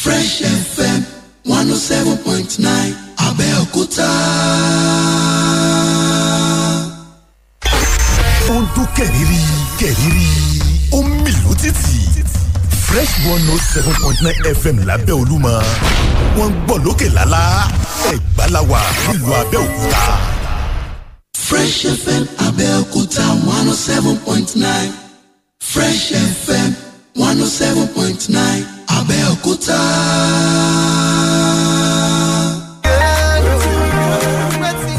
Fresh FM one oh seven point nine Abẹ́òkúta. ó ń dún kẹ̀rìírí kẹ̀rìírí títì fresh one note oh seven point nine fm lábẹ́ olúmọ wọ́n ń gbọ́ lókè lálá ẹ̀gbá nílùú abẹ́òkúta. fresh fm abẹ́òkúta one oh seven point nine fresh fm one oh seven point nine abẹ́òkúta.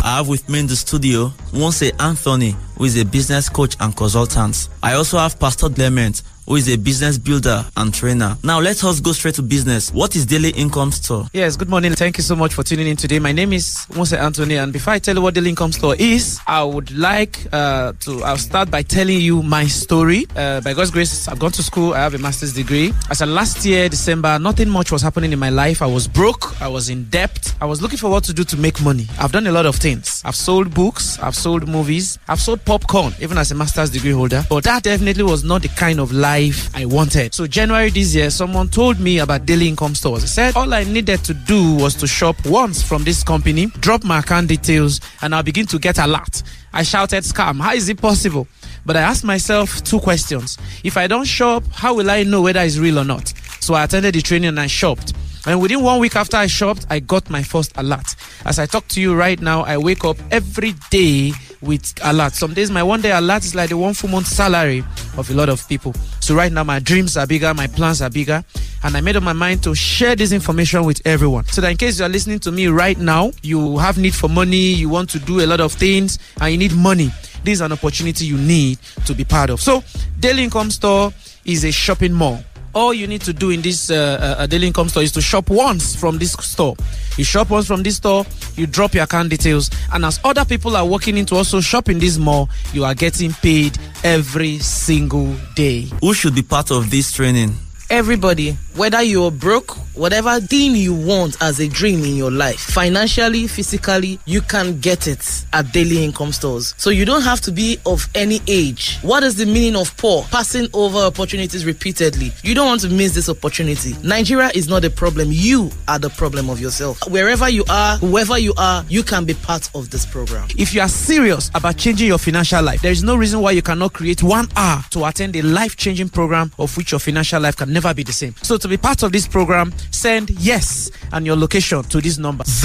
I have with me in the studio Monse Anthony, who is a business coach and consultant. I also have Pastor Clement, who is a business builder and trainer. Now, let us go straight to business. What is Daily Income Store? Yes, good morning. Thank you so much for tuning in today. My name is Mose Anthony, and before I tell you what Daily Income Store is, I would like uh, to. I'll start by telling you my story. Uh, by God's grace, I've gone to school. I have a master's degree. As a last year December, nothing much was happening in my life. I was broke. I was in debt. I was looking for what to do to make money. I've done a lot of things. I've sold books. I've sold movies. I've sold popcorn, even as a master's degree holder. But that definitely was not the kind of life life I wanted. So January this year, someone told me about daily income stores. He said all I needed to do was to shop once from this company, drop my account details, and I'll begin to get a lot. I shouted scam. How is it possible? But I asked myself two questions. If I don't shop, how will I know whether it's real or not? So I attended the training and I shopped. And within one week after I shopped, I got my first alert. As I talk to you right now, I wake up every day with alerts. Some days my one day alert is like the one full month salary of a lot of people. So right now my dreams are bigger, my plans are bigger, and I made up my mind to share this information with everyone. So that in case you are listening to me right now, you have need for money, you want to do a lot of things, and you need money. This is an opportunity you need to be part of. So Daily Income Store is a shopping mall all you need to do in this uh, uh, uh, daily income store is to shop once from this store. You shop once from this store, you drop your account details, and as other people are walking into also shopping this mall, you are getting paid every single day. Who should be part of this training? Everybody whether you're broke, whatever thing you want as a dream in your life, financially, physically, you can get it at daily income stores. So you don't have to be of any age. What is the meaning of poor? Passing over opportunities repeatedly. You don't want to miss this opportunity. Nigeria is not the problem. You are the problem of yourself. Wherever you are, whoever you are, you can be part of this program. If you are serious about changing your financial life, there is no reason why you cannot create one hour to attend a life changing program of which your financial life can never be the same. So to be part of this program, send yes and your location to this number 080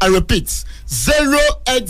I repeat 080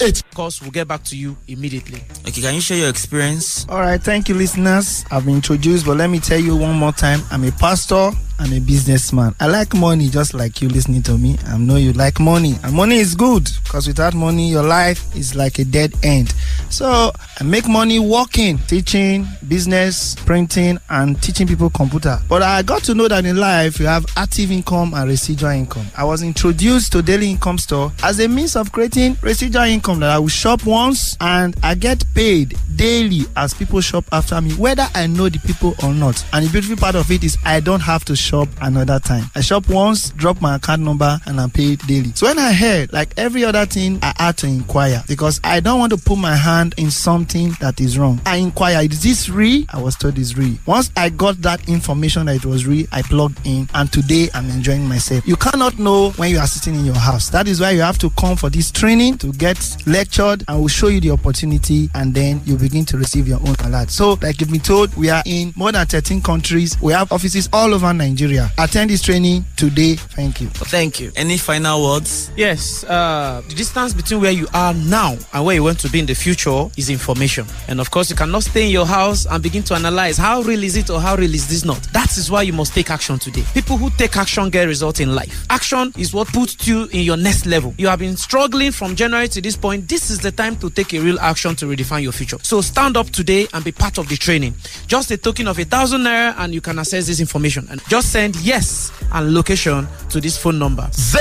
Of course, we'll get back to you immediately. Okay, can you share your experience? All right, thank you, listeners. I've been introduced, but let me tell you one more time. I'm a pastor I'm a businessman. I like money just like you listening to me. I know you like money. And money is good because without money, your life is like a dead end. So I make money working, teaching, business, printing, and teaching people computer. But I got to know that in life, you have active income and residual income. I was introduced to Daily Income Store as a means of creating residual income that I will shop once and I get paid daily as people shop after me, whether I know the people or not. And the beautiful part of it is I don't have to shop another time. I shop once, drop my account number, and I paid daily. So when I heard, like every other thing, I had to inquire because I don't want to put my hand in something that is wrong. I inquired, is this real? I was told it's real. Once I got that information that it was real, I plugged in, and today I'm enjoying myself. You cannot know when you are sitting in your house. That is why you have to come for this training to get lectured, and we'll show you the opportunity, and then you begin to receive your own alert. So, like you've been told, we are in more than 13 countries. We have offices all over Nigeria. Nigeria. Attend this training today. Thank you. Thank you. Any final words? Yes. Uh, the distance between where you are now and where you want to be in the future is information. And of course, you cannot stay in your house and begin to analyze how real is it or how real is this not. That is why you must take action today. People who take action get results in life. Action is what puts you in your next level. You have been struggling from January to this point. This is the time to take a real action to redefine your future. So stand up today and be part of the training. Just a token of a thousand naira, and you can access this information. And just send yes and location to this phone number 080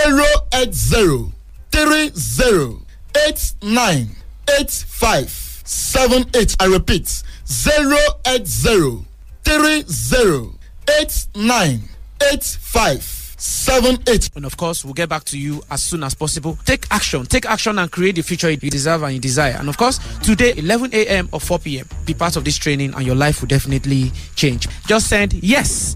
I repeat 080 And of course, we'll get back to you as soon as possible. Take action, take action, and create the future you deserve and you desire. And of course, today 11 a.m. or 4 p.m. Be part of this training, and your life will definitely change. Just send yes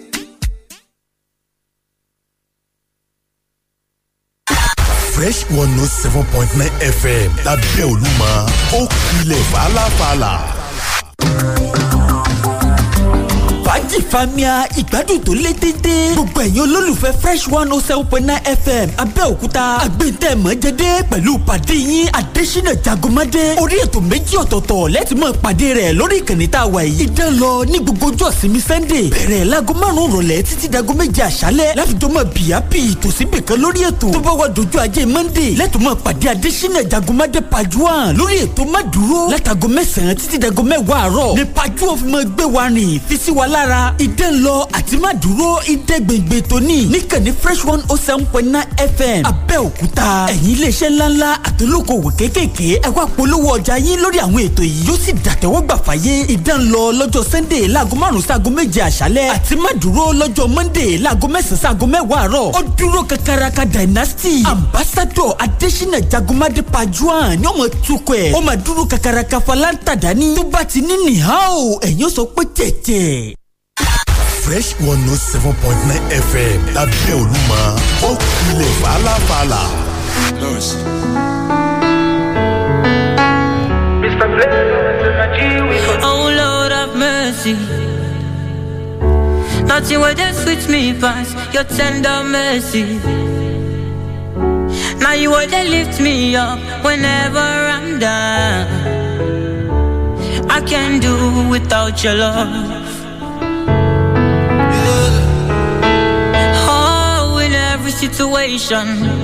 fresh one note oh seven point nine fm lábẹ́ Olúmọ ó kulẹ̀ fàlàfàlà fàájì fàmíà ìgbádùn tó lé téńté gbogbo ẹ̀yin olólùfẹ́ fresh one oh seven point nine fm abẹ́òkúta àgbẹ̀ntẹ̀mọ́ jẹ́dẹ́ pẹ̀lú pàdé yín adésínà jagunmádé orí ètò méjì ọ̀tọ̀ọ̀tọ̀ lẹ́tì mọ́ pàdé rẹ̀ lórí ìkànnì tá a wà yìí ìdán lọ ní gbogbo ọjọ́ sinmi sunday bẹ̀rẹ̀ láago márùn-ún rọ̀lẹ́ títí dago méje àṣálẹ́ láfijọ́mọ́ bìyàpì tòsíbìkan lórí ètò tó bá wà dojú ajé monday lẹ́tùmọ̀ pàdé adésínà jagunmádé pajuwan lórí ètò má dúró lára idé lọ àti má dúró idé gbègbè tóní níkànnì fresh one oh seven point nine fm abẹ́òkúta ẹ̀yin iléeṣẹ́ ńláńlá àtolókòwò kéékèèké ẹ wá polówó ọjà yín lórí àwọn ètò yìí yóò sì dàtẹ́wọ́gbà fàyè idé lọ lọ́jọ́ sunday láago márùn-ún sáago méje àṣálẹ́ àti má dúró lọ́jọ́ monday láago mẹ́sàn-án sáago mẹ́wàá àárọ̀ ó dúró kakaraka dynasty ambassadọ adésínà jagunmadé pajuan ni ó mọ̀ kakaraka falanta dání tó bá ti ní nìhá fresh one note oh seven point nine fm lábẹ́ olúmọ ó kulẹ̀ fàlàfàlà. Oh Lord have mercy. Nothing will they switch me past your tender mercy. Now you will they lift me up whenever I'm down. I can't do without your love. situation